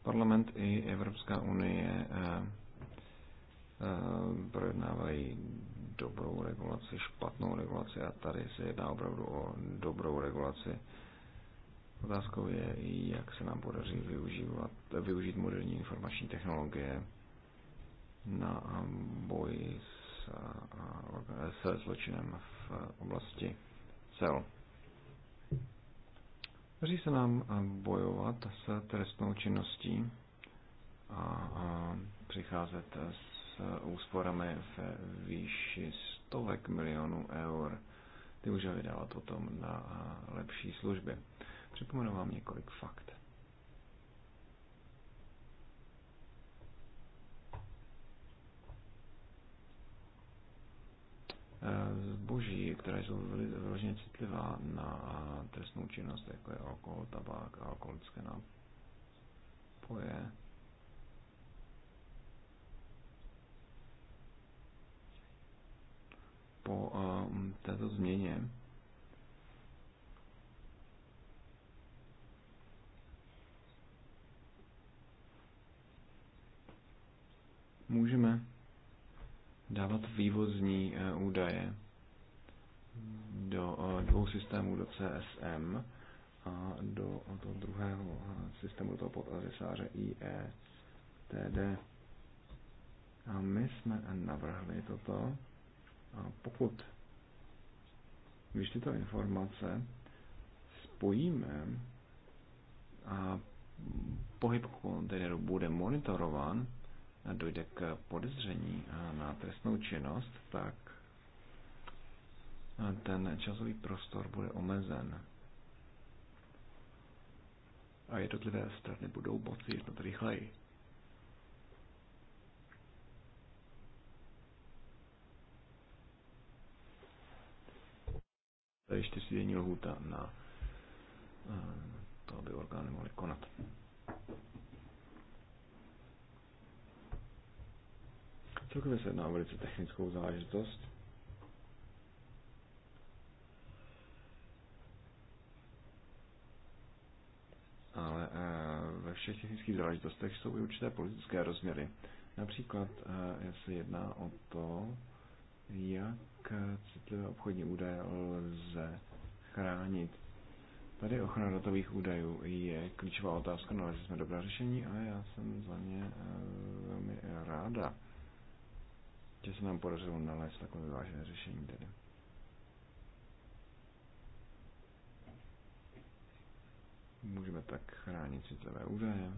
Parlament i Evropská unie projednávají dobrou regulaci, špatnou regulaci a tady se jedná opravdu o dobrou regulaci. Otázkou je, jak se nám podaří využívat, využít moderní informační technologie na boji s, se zločinem v oblasti cel. Daří se nám bojovat s trestnou činností a, a přicházet s Eh, úsporami ve výši stovek milionů eur. Ty můžeme vydávat tom na eh, lepší služby. Připomenu vám několik fakt. Eh, zboží, které jsou vyloženě citlivá na trestnou činnost, jako je alkohol, tabák a alkoholické nápoje, po um, této změně můžeme dávat vývozní uh, údaje do uh, dvou systémů, do CSM a do toho druhého uh, systému, do toho podadresáře IETD. A my jsme navrhli toto a pokud když tyto informace spojíme a pohyb kontejneru bude monitorován a dojde k podezření na trestnou činnost, tak ten časový prostor bude omezen. A jednotlivé strany budou moci jednat rychleji. To je čtyřdenní lhůta na eh, to, aby orgány mohly konat. Celkově se jedná o velice technickou záležitost. Ale eh, ve všech technických záležitostech jsou i určité politické rozměry. Například eh, se jedná o to, jak citlivé obchodní údaje lze chránit. Tady ochrana datových údajů je klíčová otázka, nalezli no, jsme dobré řešení a já jsem za ně eh, velmi ráda, že se nám podařilo nalézt takové vážné řešení tedy. Můžeme tak chránit citlivé údaje,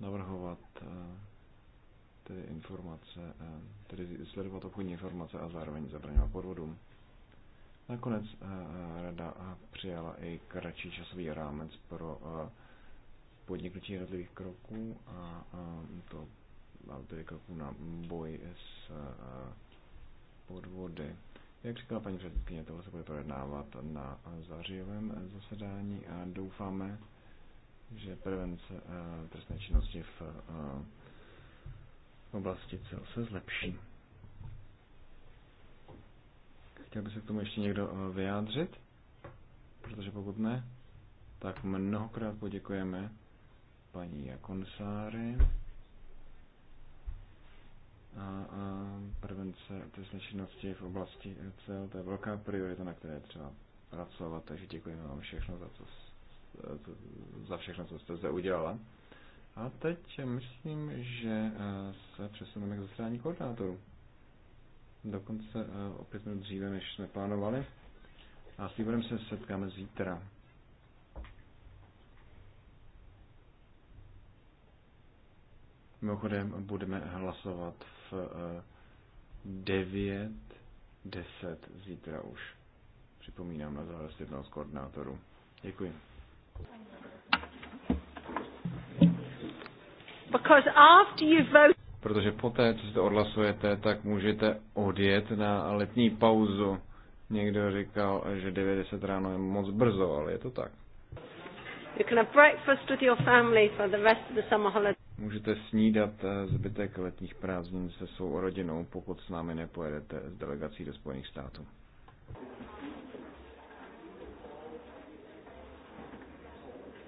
navrhovat eh, tedy informace, eh, tedy sledovat obchodní informace a zároveň zabraňovat podvodům. Nakonec eh, eh, rada přijala i kratší časový rámec pro podniknutí jednotlivých kroků a to tedy kroků na boj s podvody. Jak říkala paní předsedkyně, tohle se bude projednávat na zářijovém zasedání a doufáme, že prevence trestné činnosti v oblasti cel se zlepší. Chtěl by se k tomu ještě někdo eh, vyjádřit? Protože pokud ne, tak mnohokrát poděkujeme paní Jakonsáry a, a prevence trestné v oblasti cel. To je velká priorita, na které třeba pracovat, takže děkujeme vám všechno za, co, za všechno, co jste zde udělala. A teď myslím, že eh, se přesuneme k zasedání koordinátorů. Dokonce eh, o pět minut dříve, než jsme plánovali. A s Liborem se setkáme zítra. Mimochodem budeme hlasovat v 9.10 eh, zítra už. Připomínám na závěr jednoho z koordinátorů. Děkuji. Because after Protože poté, co si to odhlasujete, tak můžete odjet na letní pauzu. Někdo říkal, že 90 ráno je moc brzo, ale je to tak. You can have breakfast with your family for the rest of the summer holiday. Můžete snídat eh, zbytek letních prázdnin se svou rodinou, pokud s námi nepojedete s delegací do Spojených států.